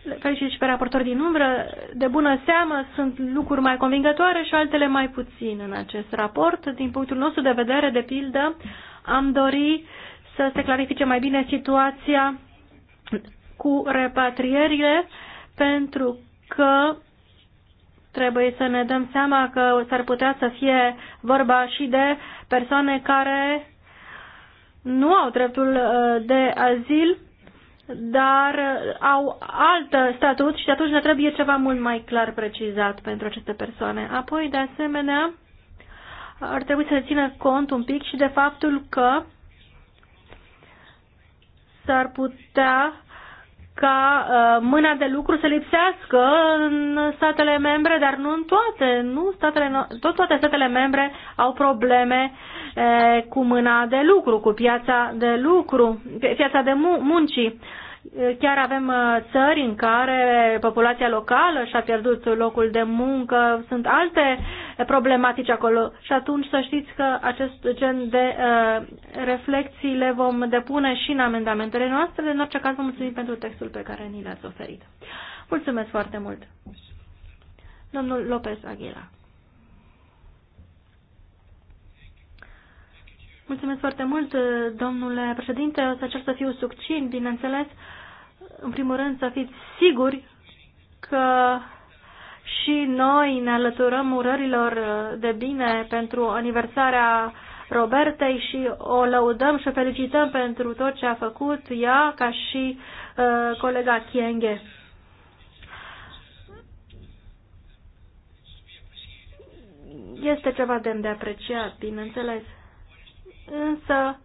Le felicit și pe raportor din umbră. De bună seamă sunt lucruri mai convingătoare și altele mai puțin în acest raport. Din punctul nostru de vedere, de pildă, am dori să se clarifice mai bine situația cu repatrierile uh, pentru că trebuie să ne dăm seama că s-ar putea să fie vorba și de persoane care nu au dreptul uh, de azil, dar au alt statut și atunci ne trebuie ceva mult mai clar precizat pentru aceste persoane. Apoi, de asemenea, ar trebui să țină cont un pic și de faptul că s-ar putea ca uh, mâna de lucru să lipsească în statele membre, dar nu în toate. Nu statele, tot toate statele membre au probleme eh, cu mâna de lucru, cu piața de lucru, piața de muncii. Chiar avem uh, țări în care populația locală și-a pierdut locul de muncă, sunt alte problematici acolo și atunci să știți că acest gen de uh, reflexii le vom depune și în amendamentele noastre. În orice caz, vă mulțumim pentru textul pe care ni l-ați oferit. Mulțumesc foarte mult. Domnul Lopez Aguila. Mulțumesc foarte mult, domnule președinte. O să cer să fiu succint, bineînțeles. Uh, în primul rând, să fiți siguri că și noi ne alăturăm urărilor de bine pentru aniversarea Robertei și o lăudăm și o felicităm pentru tot ce a făcut ea ca și uh, colega Chienghe. Este ceva demn de apreciat, bineînțeles. Însă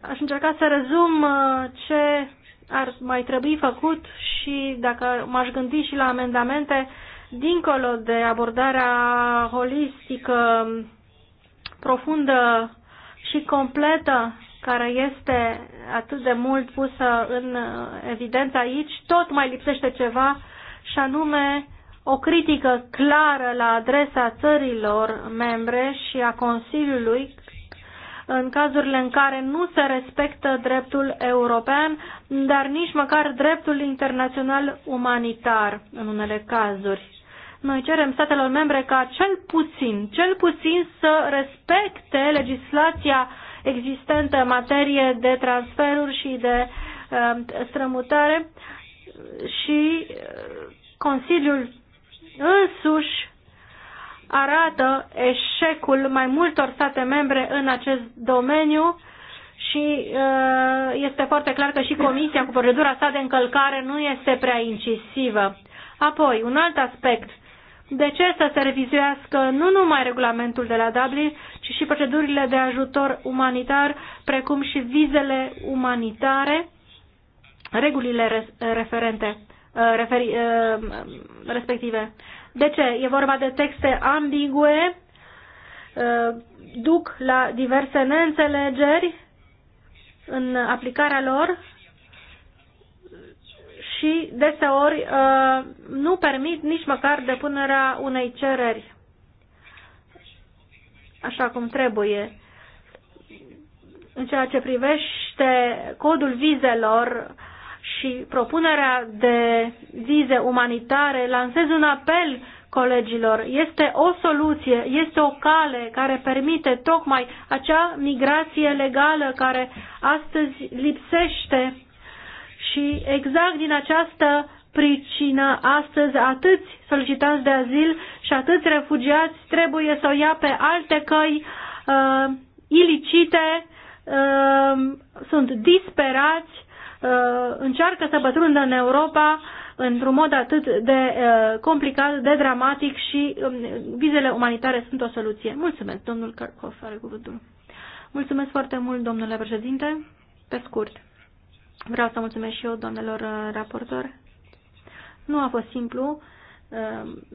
aș încerca să rezum uh, ce ar mai trebui făcut și dacă m-aș gândi și la amendamente, dincolo de abordarea holistică, profundă și completă, care este atât de mult pusă în evidență aici, tot mai lipsește ceva și anume o critică clară la adresa țărilor membre și a Consiliului în cazurile în care nu se respectă dreptul european, dar nici măcar dreptul internațional umanitar în unele cazuri. Noi cerem statelor membre ca cel puțin, cel puțin să respecte legislația existentă în materie de transferuri și de uh, strămutare și uh, Consiliul însuși arată eșecul mai multor state membre în acest domeniu și uh, este foarte clar că și Comisia cu procedura sa de încălcare nu este prea incisivă. Apoi, un alt aspect. De ce să se revizuiască nu numai regulamentul de la Dublin, ci și procedurile de ajutor umanitar, precum și vizele umanitare, regulile referente, uh, referi, uh, respective. De ce? E vorba de texte ambigue, uh, duc la diverse neînțelegeri în aplicarea lor și deseori uh, nu permit nici măcar depunerea unei cereri așa cum trebuie. În ceea ce privește codul vizelor, și propunerea de vize umanitare, lansez un apel colegilor. Este o soluție, este o cale care permite tocmai acea migrație legală care astăzi lipsește și exact din această pricină astăzi atâți solicitați de azil și atâți refugiați trebuie să o ia pe alte căi uh, ilicite, uh, sunt disperați Uh, încearcă să pătrundă în Europa într-un mod atât de uh, complicat, de dramatic și um, vizele umanitare sunt o soluție. Mulțumesc, domnul Kirchhoff are cuvântul. Mulțumesc foarte mult, domnule președinte. Pe scurt, vreau să mulțumesc și eu, domnilor uh, raportori. Nu a fost simplu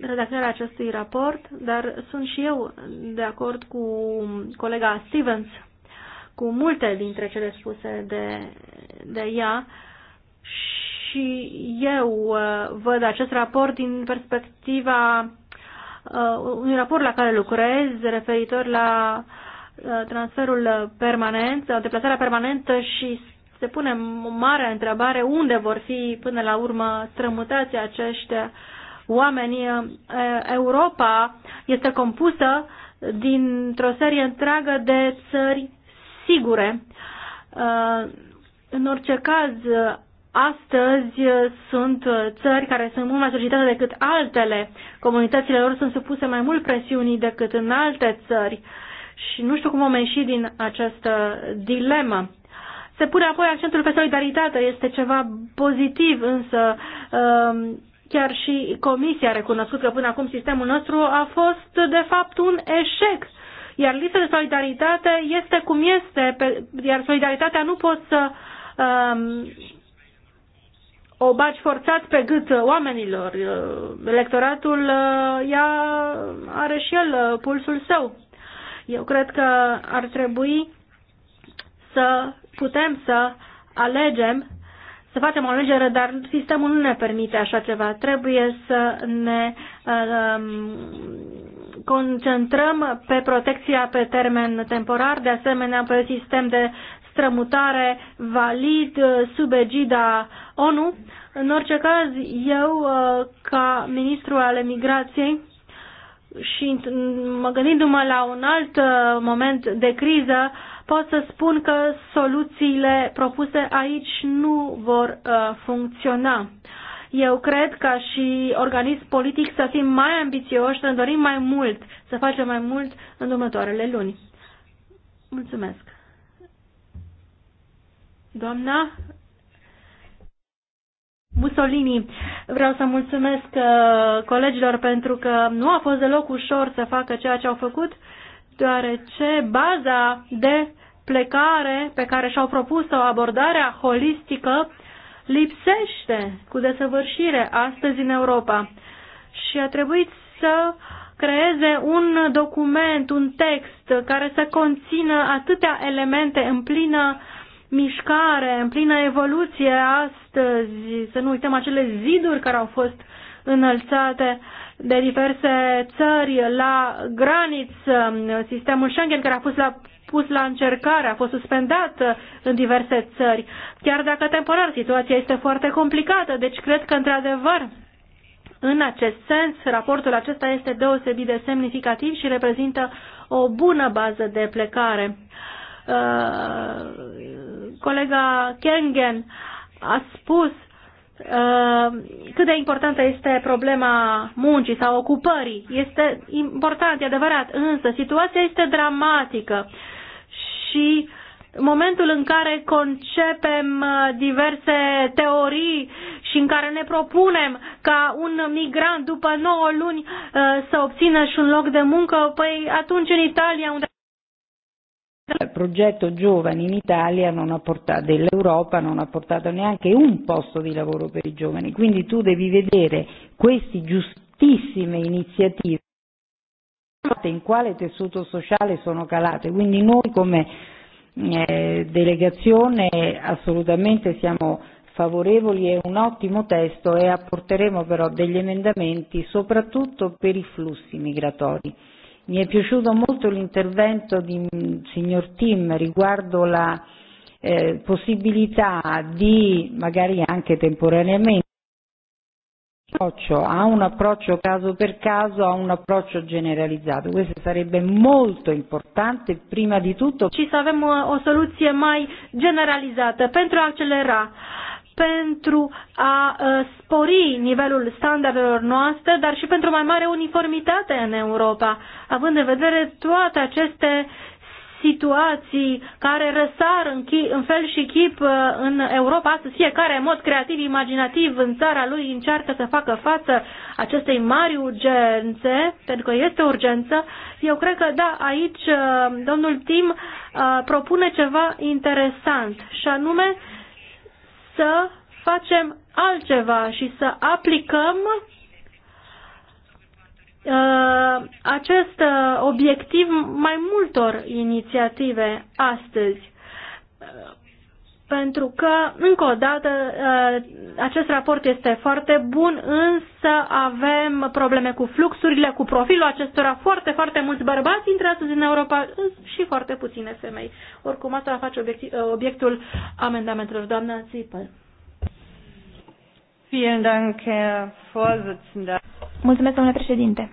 redactarea acestui raport, dar sunt și eu de acord cu colega Stevens cu multe dintre cele spuse de, de ea și eu uh, văd acest raport din perspectiva uh, un raport la care lucrez referitor la uh, transferul permanent, deplasarea permanentă și se pune o mare întrebare unde vor fi până la urmă strămutați acești oameni. Europa este compusă dintr-o serie întreagă de țări sigure. Uh, în orice caz, astăzi sunt țări care sunt mult mai solicitate decât altele. Comunitățile lor sunt supuse mai mult presiunii decât în alte țări și nu știu cum vom ieși din această dilemă. Se pune apoi accentul pe solidaritate, este ceva pozitiv, însă uh, chiar și Comisia a recunoscut că până acum sistemul nostru a fost de fapt un eșec iar lipsa de solidaritate este cum este, pe, iar solidaritatea nu poți să um, o baci forțat pe gât oamenilor. Uh, electoratul ea uh, are și el uh, pulsul său. Eu cred că ar trebui să putem să alegem, să facem o alegere, dar sistemul nu ne permite așa ceva. Trebuie să ne um, concentrăm pe protecția pe termen temporar, de asemenea pe sistem de strămutare valid uh, sub egida ONU. În orice caz, eu, uh, ca ministru al emigrației, și mă gândindu-mă la un alt uh, moment de criză, pot să spun că soluțiile propuse aici nu vor funcționa. Eu cred ca și organism politic să fim mai ambițioși, să ne dorim mai mult, să facem mai mult în următoarele luni. Mulțumesc. Doamna Mussolini, vreau să mulțumesc uh, colegilor pentru că nu a fost deloc ușor să facă ceea ce au făcut, deoarece baza de plecare pe care și-au propus-o, abordarea holistică, lipsește cu desăvârșire astăzi în Europa și a trebuit să creeze un document, un text care să conțină atâtea elemente în plină mișcare, în plină evoluție astăzi, să nu uităm acele ziduri care au fost înălțate de diverse țări la graniță, sistemul Schengen care a fost la pus la încercare, a fost suspendat uh, în diverse țări, chiar dacă temporar situația este foarte complicată. Deci cred că, într-adevăr, în acest sens, raportul acesta este deosebit de semnificativ și reprezintă o bună bază de plecare. Uh, colega Kengen a spus uh, cât de importantă este problema muncii sau ocupării. Este important, e adevărat, însă situația este dramatică. Uh, și momentul în care concepem uh, diverse teorii și în care ne propunem ca un migrant după 9 luni uh, să obțină și un loc de muncă, păi atunci în Italia unde progetto giovani in Italia non ha portato, dell'Europa non ha portato neanche un posto di lavoro per i giovani, quindi tu devi vedere queste giustissime iniziative in quale tessuto sociale sono calate. Quindi noi come eh, delegazione assolutamente siamo favorevoli, è un ottimo testo e apporteremo però degli emendamenti soprattutto per i flussi migratori. Mi è piaciuto molto l'intervento di mm, signor Tim riguardo la eh, possibilità di, magari anche temporaneamente, approccio a un approccio caso per caso, a un approccio generalizzato. Questo sarebbe molto importante prima di tutto. Ci să o, o soluție mai generalizată pentru a accelera pentru a ă, spori nivelul standardelor noastre, dar și pentru mai mare uniformitate în Europa, având în vedere toate aceste situații care răsar în, chi, în fel și chip uh, în Europa astăzi, fiecare în mod creativ, imaginativ, în țara lui încearcă să facă față acestei mari urgențe, pentru că este urgență. Eu cred că, da, aici uh, domnul Tim uh, propune ceva interesant și anume să facem altceva și să aplicăm Uh, acest uh, obiectiv mai multor inițiative astăzi. Uh, pentru că, încă o dată, acest raport este foarte bun, însă avem probleme cu fluxurile, cu profilul acestora. Foarte, foarte mulți bărbați intră astăzi în Europa și foarte puține femei. Oricum, asta face obiectul amendamentelor. Doamna Zipel. Vielen Dank, Herr Vorsitzender. Mulțumesc, domnule președinte.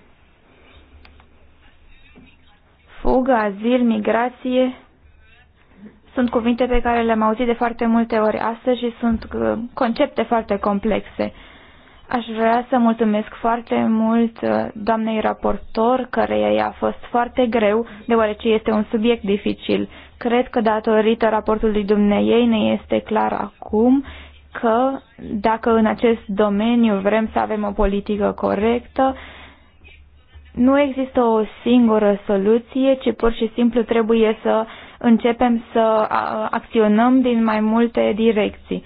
Fugă, azil, migrație sunt cuvinte pe care le-am auzit de foarte multe ori astăzi și sunt uh, concepte foarte complexe. Aș vrea să mulțumesc foarte mult uh, doamnei raportor, care i-a fost foarte greu, deoarece este un subiect dificil. Cred că datorită raportului dumneiei ne este clar acum că dacă în acest domeniu vrem să avem o politică corectă, nu există o singură soluție, ci pur și simplu trebuie să începem să acționăm din mai multe direcții.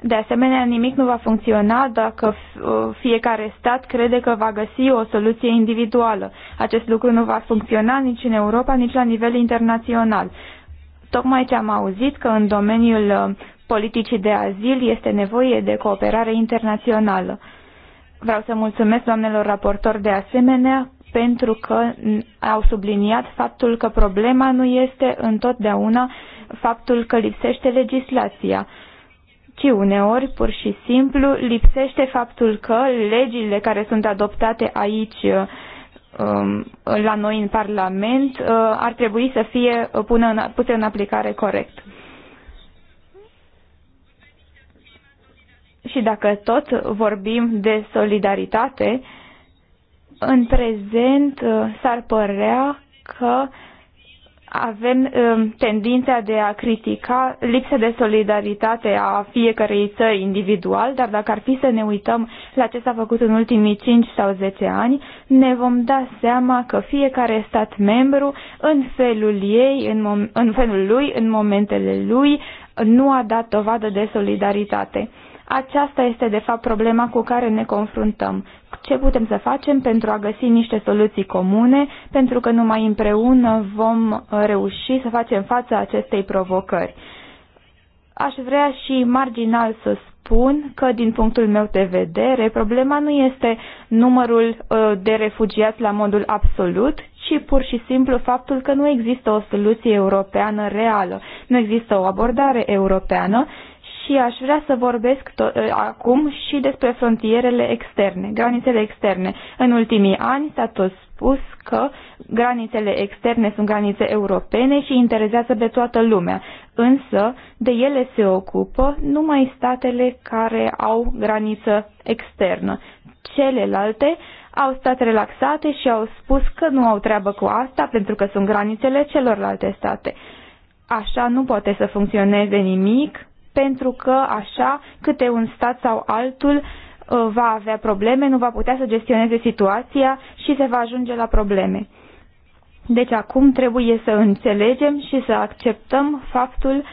De asemenea, nimic nu va funcționa dacă uh, fiecare stat crede că va găsi o soluție individuală. Acest lucru nu va funcționa nici în Europa, nici la nivel internațional. Tocmai ce am auzit că în domeniul uh, politicii de azil este nevoie de cooperare internațională. Vreau să mulțumesc doamnelor raportori de asemenea pentru că au subliniat faptul că problema nu este întotdeauna faptul că lipsește legislația, ci uneori pur și simplu lipsește faptul că legile care sunt adoptate aici um, la noi în Parlament uh, ar trebui să fie puse în aplicare corect. Și dacă tot vorbim de solidaritate, în prezent uh, s-ar părea că avem um, tendința de a critica lipsa de solidaritate a fiecărei țări individual, dar dacă ar fi să ne uităm la ce s-a făcut în ultimii 5 sau 10 ani, ne vom da seama că fiecare stat membru, în felul ei, în, în felul lui, în momentele lui, nu a dat dovadă de solidaritate. Aceasta este, de fapt, problema cu care ne confruntăm. Ce putem să facem pentru a găsi niște soluții comune, pentru că numai împreună vom reuși să facem față acestei provocări. Aș vrea și marginal să spun că, din punctul meu de vedere, problema nu este numărul uh, de refugiați la modul absolut, ci pur și simplu faptul că nu există o soluție europeană reală, nu există o abordare europeană și aș vrea să vorbesc eh, acum și despre frontierele externe, granițele externe. În ultimii ani s-a tot spus că granițele externe sunt granițe europene și interesează pe toată lumea, însă de ele se ocupă numai statele care au graniță externă. Celelalte au stat relaxate și au spus că nu au treabă cu asta pentru că sunt granițele celorlalte state. Așa nu poate să funcționeze nimic pentru că așa câte un stat sau altul uh, va avea probleme, nu va putea să gestioneze situația și se va ajunge la probleme. Deci acum trebuie să înțelegem și să acceptăm faptul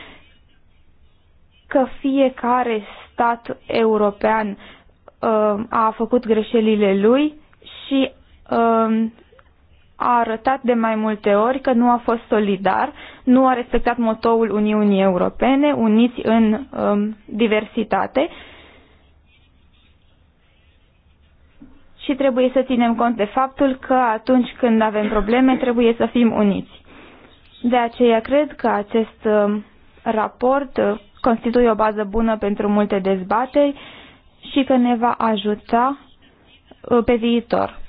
că fiecare stat european uh, a făcut greșelile lui și uh, a arătat de mai multe ori că nu a fost solidar, nu a respectat motoul Uniunii Europene, uniți în um, diversitate. Și trebuie să ținem cont de faptul că atunci când avem probleme trebuie să fim uniți. De aceea cred că acest um, raport uh, constituie o bază bună pentru multe dezbateri și că ne va ajuta uh, pe viitor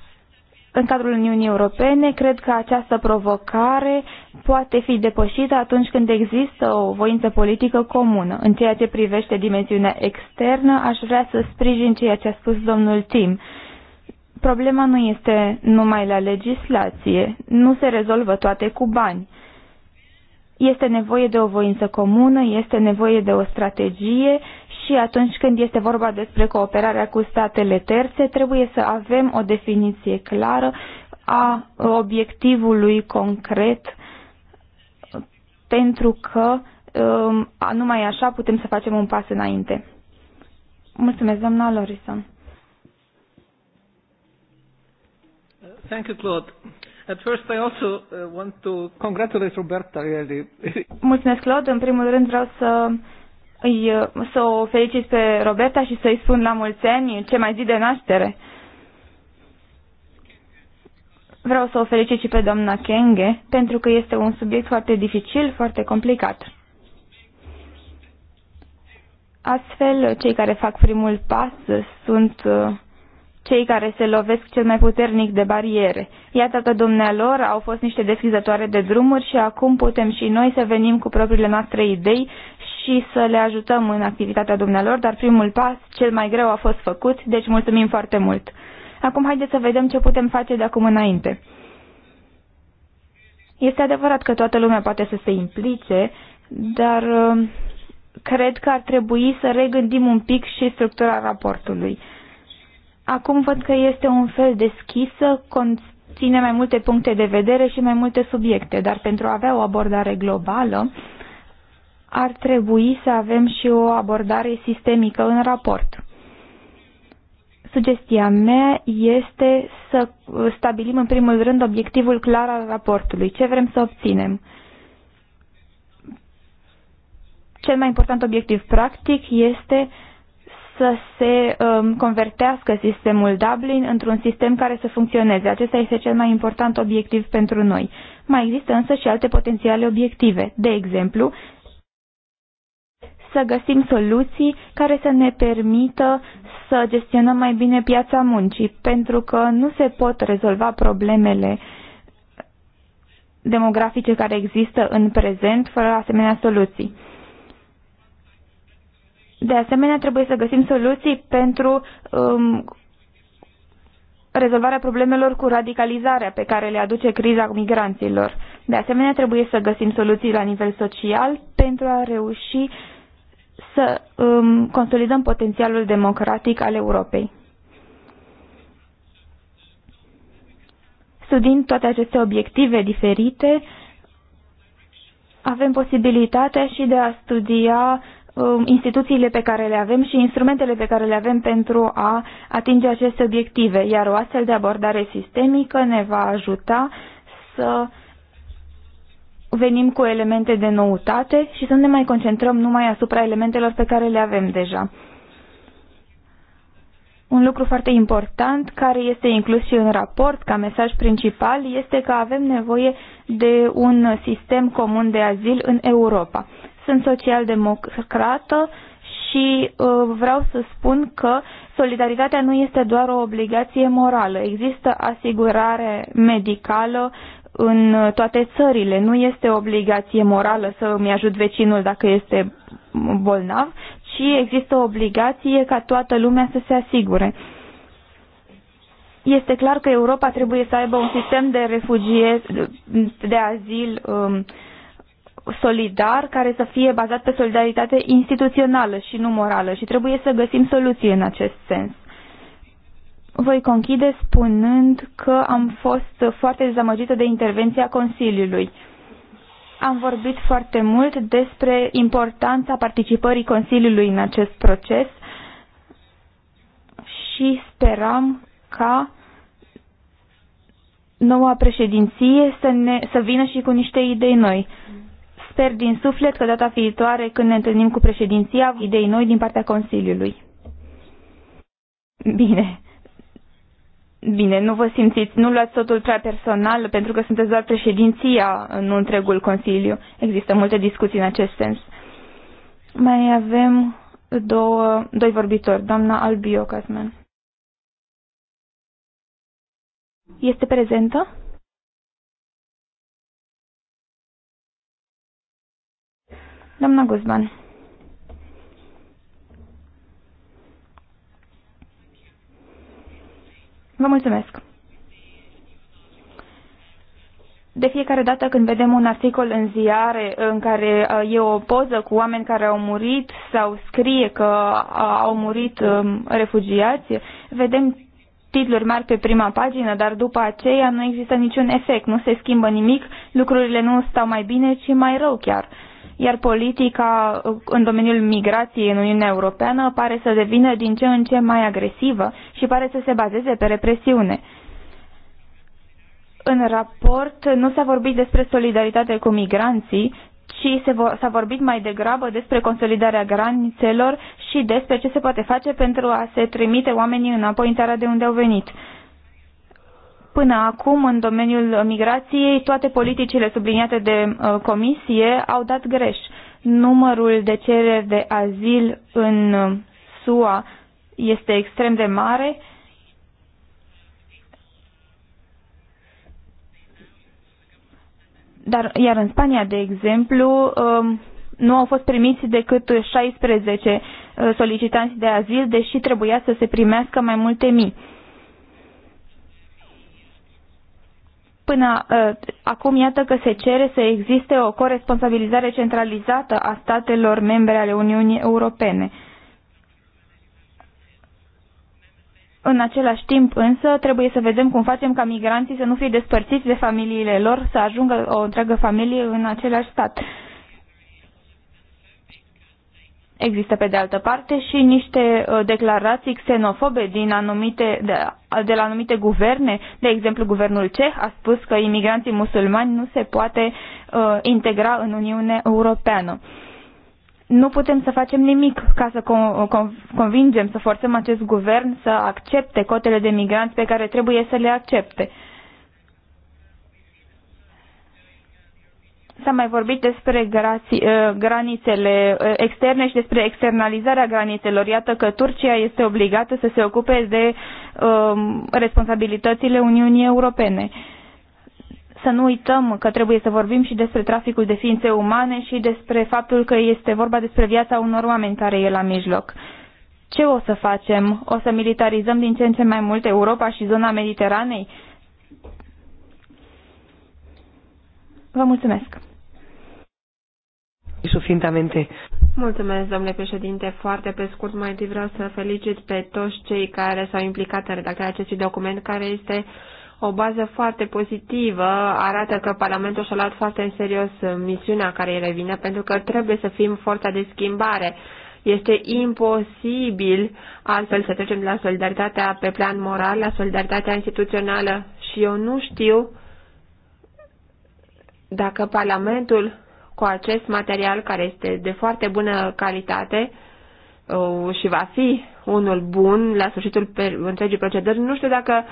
în cadrul Uniunii Europene, cred că această provocare poate fi depășită atunci când există o voință politică comună. În ceea ce privește dimensiunea externă, aș vrea să sprijin ceea ce a spus domnul Tim. Problema nu este numai la legislație, nu se rezolvă toate cu bani. Este nevoie de o voință comună, este nevoie de o strategie și atunci când este vorba despre cooperarea cu statele terțe, trebuie să avem o definiție clară a obiectivului concret, pentru că um, numai așa putem să facem un pas înainte. Mulțumesc, doamna Lorison. Thank you, Claude. At first I also uh, want to congratulate Roberta really. Mulțumesc, Claude. În primul rând vreau să îi, uh, să o felicit pe Roberta și să-i spun la mulți ani ce mai zi de naștere. Vreau să o felicit și pe doamna Kenge, pentru că este un subiect foarte dificil, foarte complicat. Astfel, cei care fac primul pas sunt uh, cei care se lovesc cel mai puternic de bariere. Iată că dumnealor au fost niște deschizătoare de drumuri și acum putem și noi să venim cu propriile noastre idei și să le ajutăm în activitatea dumnealor, dar primul pas, cel mai greu, a fost făcut, deci mulțumim foarte mult. Acum haideți să vedem ce putem face de acum înainte. Este adevărat că toată lumea poate să se implice, dar uh, cred că ar trebui să regândim un pic și structura raportului. Acum văd că este un fel deschisă, conține mai multe puncte de vedere și mai multe subiecte, dar pentru a avea o abordare globală, ar trebui să avem și o abordare sistemică în raport. Sugestia mea este să stabilim în primul rând obiectivul clar al raportului, ce vrem să obținem. Cel mai important obiectiv practic este să se um, convertească sistemul Dublin într-un sistem care să funcționeze. Acesta este cel mai important obiectiv pentru noi. Mai există însă și alte potențiale obiective. De exemplu, să găsim soluții care să ne permită să gestionăm mai bine piața muncii, pentru că nu se pot rezolva problemele demografice care există în prezent fără asemenea soluții. De asemenea, trebuie să găsim soluții pentru um, rezolvarea problemelor cu radicalizarea pe care le aduce criza migranților. De asemenea, trebuie să găsim soluții la nivel social pentru a reuși să um, consolidăm potențialul democratic al Europei. Studiind toate aceste obiective diferite, avem posibilitatea și de a studia um, instituțiile pe care le avem și instrumentele pe care le avem pentru a atinge aceste obiective, iar o astfel de abordare sistemică ne va ajuta să venim cu elemente de noutate și să ne mai concentrăm numai asupra elementelor pe care le avem deja. Un lucru foarte important care este inclus și în raport ca mesaj principal este că avem nevoie de un sistem comun de azil în Europa. Sunt social-democrată și uh, vreau să spun că solidaritatea nu este doar o obligație morală. Există asigurare medicală în toate țările. Nu este obligație morală să îmi ajut vecinul dacă este bolnav, ci există obligație ca toată lumea să se asigure. Este clar că Europa trebuie să aibă un sistem de refugie, de azil um, solidar, care să fie bazat pe solidaritate instituțională și nu morală și trebuie să găsim soluții în acest sens voi conchide spunând că am fost foarte dezamăgită de intervenția Consiliului. Am vorbit foarte mult despre importanța participării Consiliului în acest proces și speram ca noua președinție să, ne, să vină și cu niște idei noi. Sper din suflet că data viitoare, când ne întâlnim cu președinția, idei noi din partea Consiliului. Bine. Bine, nu vă simțiți, nu luați totul prea personal, pentru că sunteți doar președinția în întregul Consiliu. Există multe discuții în acest sens. Mai avem două, doi vorbitori, doamna Albio Casman. Este prezentă? Doamna Guzman. Vă mulțumesc! De fiecare dată când vedem un articol în ziare în care uh, e o poză cu oameni care au murit sau scrie că uh, au murit um, refugiați, vedem titluri mari pe prima pagină, dar după aceea nu există niciun efect, nu se schimbă nimic, lucrurile nu stau mai bine, ci mai rău chiar iar politica uh, în domeniul migrației în Uniunea Europeană pare să devină din ce în ce mai agresivă și pare să se bazeze pe represiune. În raport nu s-a vorbit despre solidaritate cu migranții, ci s-a vorbit mai degrabă despre consolidarea granițelor și despre ce se poate face pentru a se trimite oamenii înapoi în țara de unde au venit. Până acum, în domeniul migrației, toate politicile subliniate de uh, comisie au dat greș. Numărul de cereri de azil în uh, SUA este extrem de mare. Dar, iar în Spania, de exemplu, um, nu au fost primiți decât 16 uh, solicitanți de azil, deși trebuia să se primească mai multe mii. Până uh, acum, iată că se cere să existe o corresponsabilizare centralizată a statelor membre ale Uniunii Europene. În același timp, însă, trebuie să vedem cum facem ca migranții să nu fie despărțiți de familiile lor, să ajungă o întreagă familie în același stat. Uh, Există pe de altă parte și niște uh, declarații xenofobe din anumite, de, de la anumite guverne, de exemplu guvernul ceh a spus că imigranții musulmani nu se poate uh, integra în Uniunea Europeană. Nu putem să facem nimic ca să convingem, să forțăm acest guvern să accepte cotele de migranți pe care trebuie să le accepte. S-a mai vorbit despre grații, ă, granițele ă, externe și despre externalizarea granițelor. Iată că Turcia este obligată să se ocupe de um, responsabilitățile Uniunii Europene. Să nu uităm că trebuie să vorbim și despre traficul de ființe umane și despre faptul că este vorba despre viața unor oameni care e la mijloc. Ce o să facem? O să militarizăm din ce în ce mai mult Europa și zona Mediteranei? Vă mulțumesc! Sufintamente. Mulțumesc, domnule președinte. Foarte pe scurt, mai întâi vreau să felicit pe toți cei care s-au implicat în redactarea acestui document, care este o bază foarte pozitivă, arată că Parlamentul și-a luat foarte în serios misiunea care îi revine, pentru că trebuie să fim forța de schimbare. Este imposibil altfel să trecem de la solidaritatea pe plan moral la solidaritatea instituțională și eu nu știu dacă Parlamentul cu acest material care este de foarte bună calitate uh, și va fi unul bun la sfârșitul întregii proceduri, nu știu dacă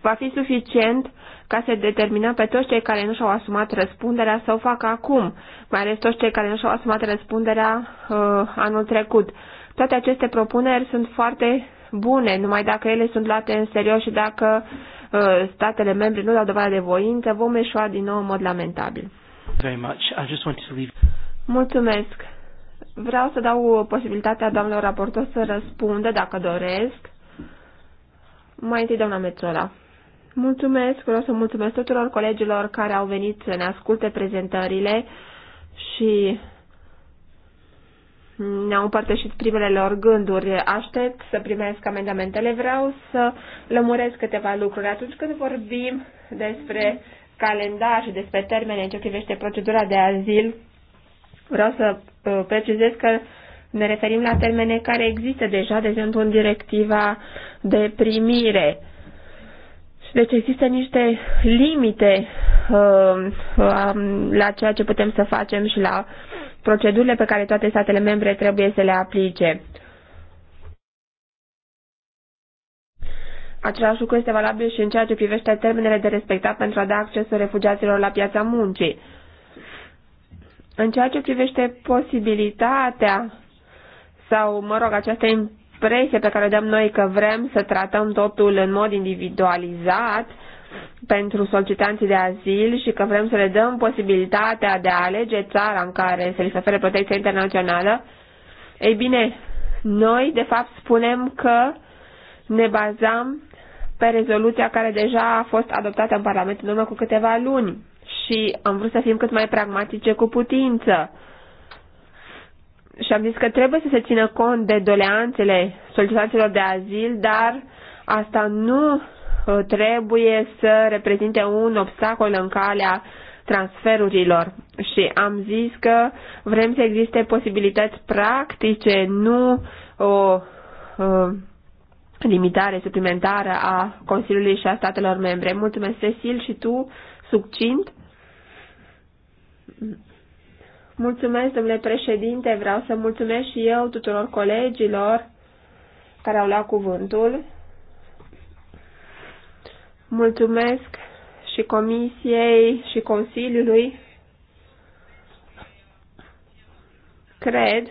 va fi suficient ca să determinăm pe toți cei care nu și-au asumat răspunderea să o facă acum, mai ales toți cei care nu și-au asumat răspunderea uh, anul trecut. Toate aceste propuneri sunt foarte bune, numai dacă ele sunt luate în serios și dacă uh, Uh, statele membre nu dau dovadă de voință, vom eșua din nou în mod lamentabil. Very much. I just want to leave... Mulțumesc. Vreau să dau posibilitatea doamnelor raportor să răspundă, dacă doresc. Mai întâi, doamna Mețola. Mulțumesc, vreau să mulțumesc tuturor colegilor care au venit să ne asculte prezentările și ne-au împărtășit primele lor gânduri. Aștept să primesc amendamentele. Vreau să lămuresc câteva lucruri. Atunci când vorbim despre calendar și despre termene în ce privește procedura de azil, vreau să uh, precizez că ne referim la termene care există deja, de exemplu, în directiva de primire. Deci există niște limite uh, uh la ceea ce putem să facem și la uh, procedurile pe care toate statele membre trebuie să le aplice. Același lucru este valabil și în ceea ce privește termenele de respectat pentru a da accesul refugiaților la piața muncii. În ceea ce privește posibilitatea sau, mă rog, această impresie pe care o dăm noi că vrem să tratăm totul în mod individualizat, pentru solicitanții de azil și că vrem să le dăm posibilitatea de a alege țara în care se li se ofere protecție internațională, ei bine, noi de fapt spunem că ne bazam pe rezoluția care deja a fost adoptată în Parlament în urmă cu câteva luni și am vrut să fim cât mai pragmatice cu putință. Și am zis că trebuie să se țină cont de doleanțele solicitanților de azil, dar asta nu trebuie să reprezinte un obstacol în calea transferurilor și am zis că vrem să existe posibilități practice, nu o uh, limitare suplimentară a Consiliului și a statelor membre. Mulțumesc, Cecil, și tu, succint. Mulțumesc, domnule președinte, vreau să mulțumesc și eu tuturor colegilor care au luat cuvântul. Mulțumesc și Comisiei și Consiliului. Cred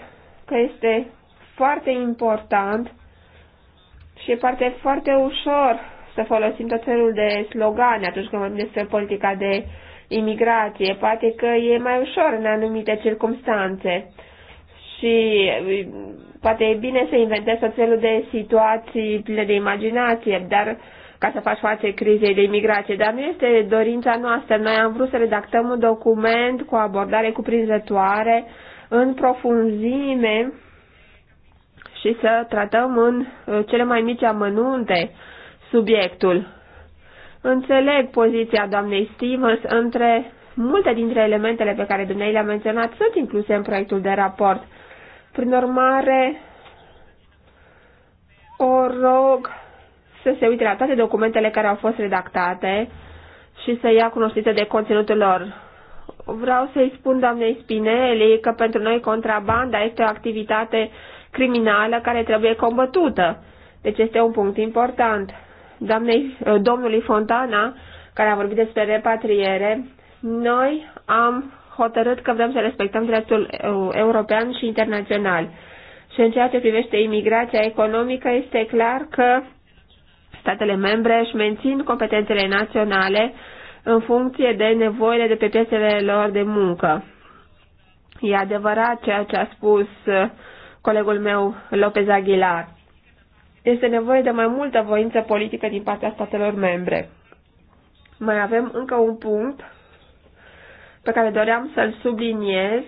că este foarte important și e parte foarte ușor să folosim tot felul de slogane atunci când vorbim despre politica de imigrație. Poate că e mai ușor în anumite circunstanțe și uh, poate e bine să inventezi tot felul de situații pline de imaginație, dar ca să faci față crizei de imigrație, dar nu este dorința noastră. Noi am vrut să redactăm un document cu abordare cuprinzătoare, în profunzime și să tratăm în uh, cele mai mici amănunte subiectul. Înțeleg poziția doamnei Stevens între multe dintre elementele pe care dumnei le-a menționat sunt incluse în proiectul de raport. Prin urmare, o rog să se uite la toate documentele care au fost redactate și să ia cunoștință de conținutul lor. Vreau să-i spun doamnei Spinelli că pentru noi contrabanda este o activitate criminală care trebuie combătută. Deci este un punct important. Doamnei, eh, domnului Fontana, care a vorbit despre repatriere, noi am hotărât că vrem să respectăm dreptul eh, european și internațional. Și în ceea ce privește imigrația economică, este clar că statele membre își mențin competențele naționale în funcție de nevoile de pe piețele lor de muncă. E adevărat ceea ce a spus uh, colegul meu Lopez Aguilar. Este nevoie de mai multă voință politică din partea statelor membre. Mai avem încă un punct pe care doream să-l subliniez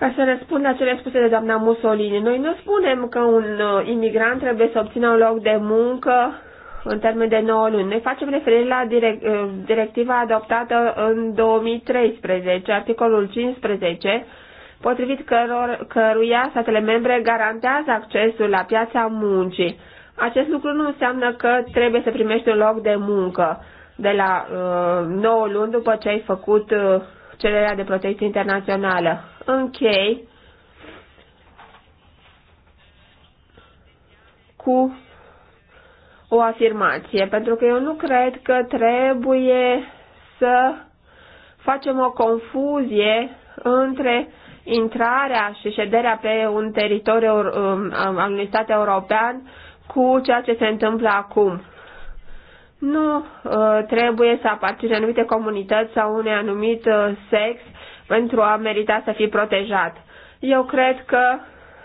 ca să răspund la cele spuse de doamna Mussolini, noi nu spunem că un uh, imigrant trebuie să obțină un loc de muncă în termen de 9 luni. Noi facem referire la direct, uh, directiva adoptată în 2013, articolul 15, potrivit căror, căruia statele membre garantează accesul la piața muncii. Acest lucru nu înseamnă că trebuie să primești un loc de muncă de la uh, 9 luni după ce ai făcut uh, cererea de protecție internațională. Închei cu o afirmație, pentru că eu nu cred că trebuie să facem o confuzie între intrarea și șederea pe un teritoriu um, al unui stat european cu ceea ce se întâmplă acum nu uh, trebuie să aparține anumite comunități sau unui anumit uh, sex pentru a merita să fie protejat. Eu cred că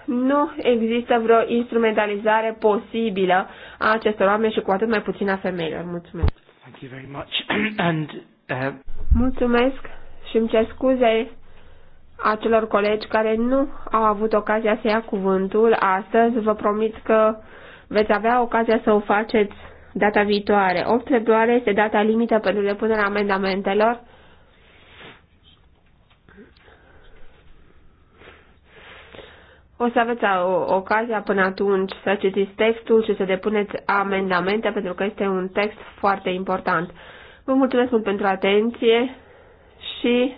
nu există vreo instrumentalizare posibilă a acestor oameni și cu atât mai puțin a femeilor. Mulțumesc. Thank you very much. And, uh... Mulțumesc și îmi cer scuze acelor colegi care nu au avut ocazia să ia cuvântul astăzi. Vă promit că veți avea ocazia să o faceți data viitoare. 8 februarie este data limită pentru depunerea amendamentelor. O să aveți o, ocazia până atunci să citiți textul și să depuneți amendamente pentru că este un text foarte important. Vă mulțumesc mult pentru atenție și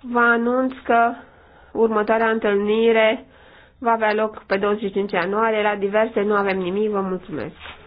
vă anunț că următoarea întâlnire va avea loc pe 25 ianuarie la diverse. Nu avem nimic. Vă mulțumesc!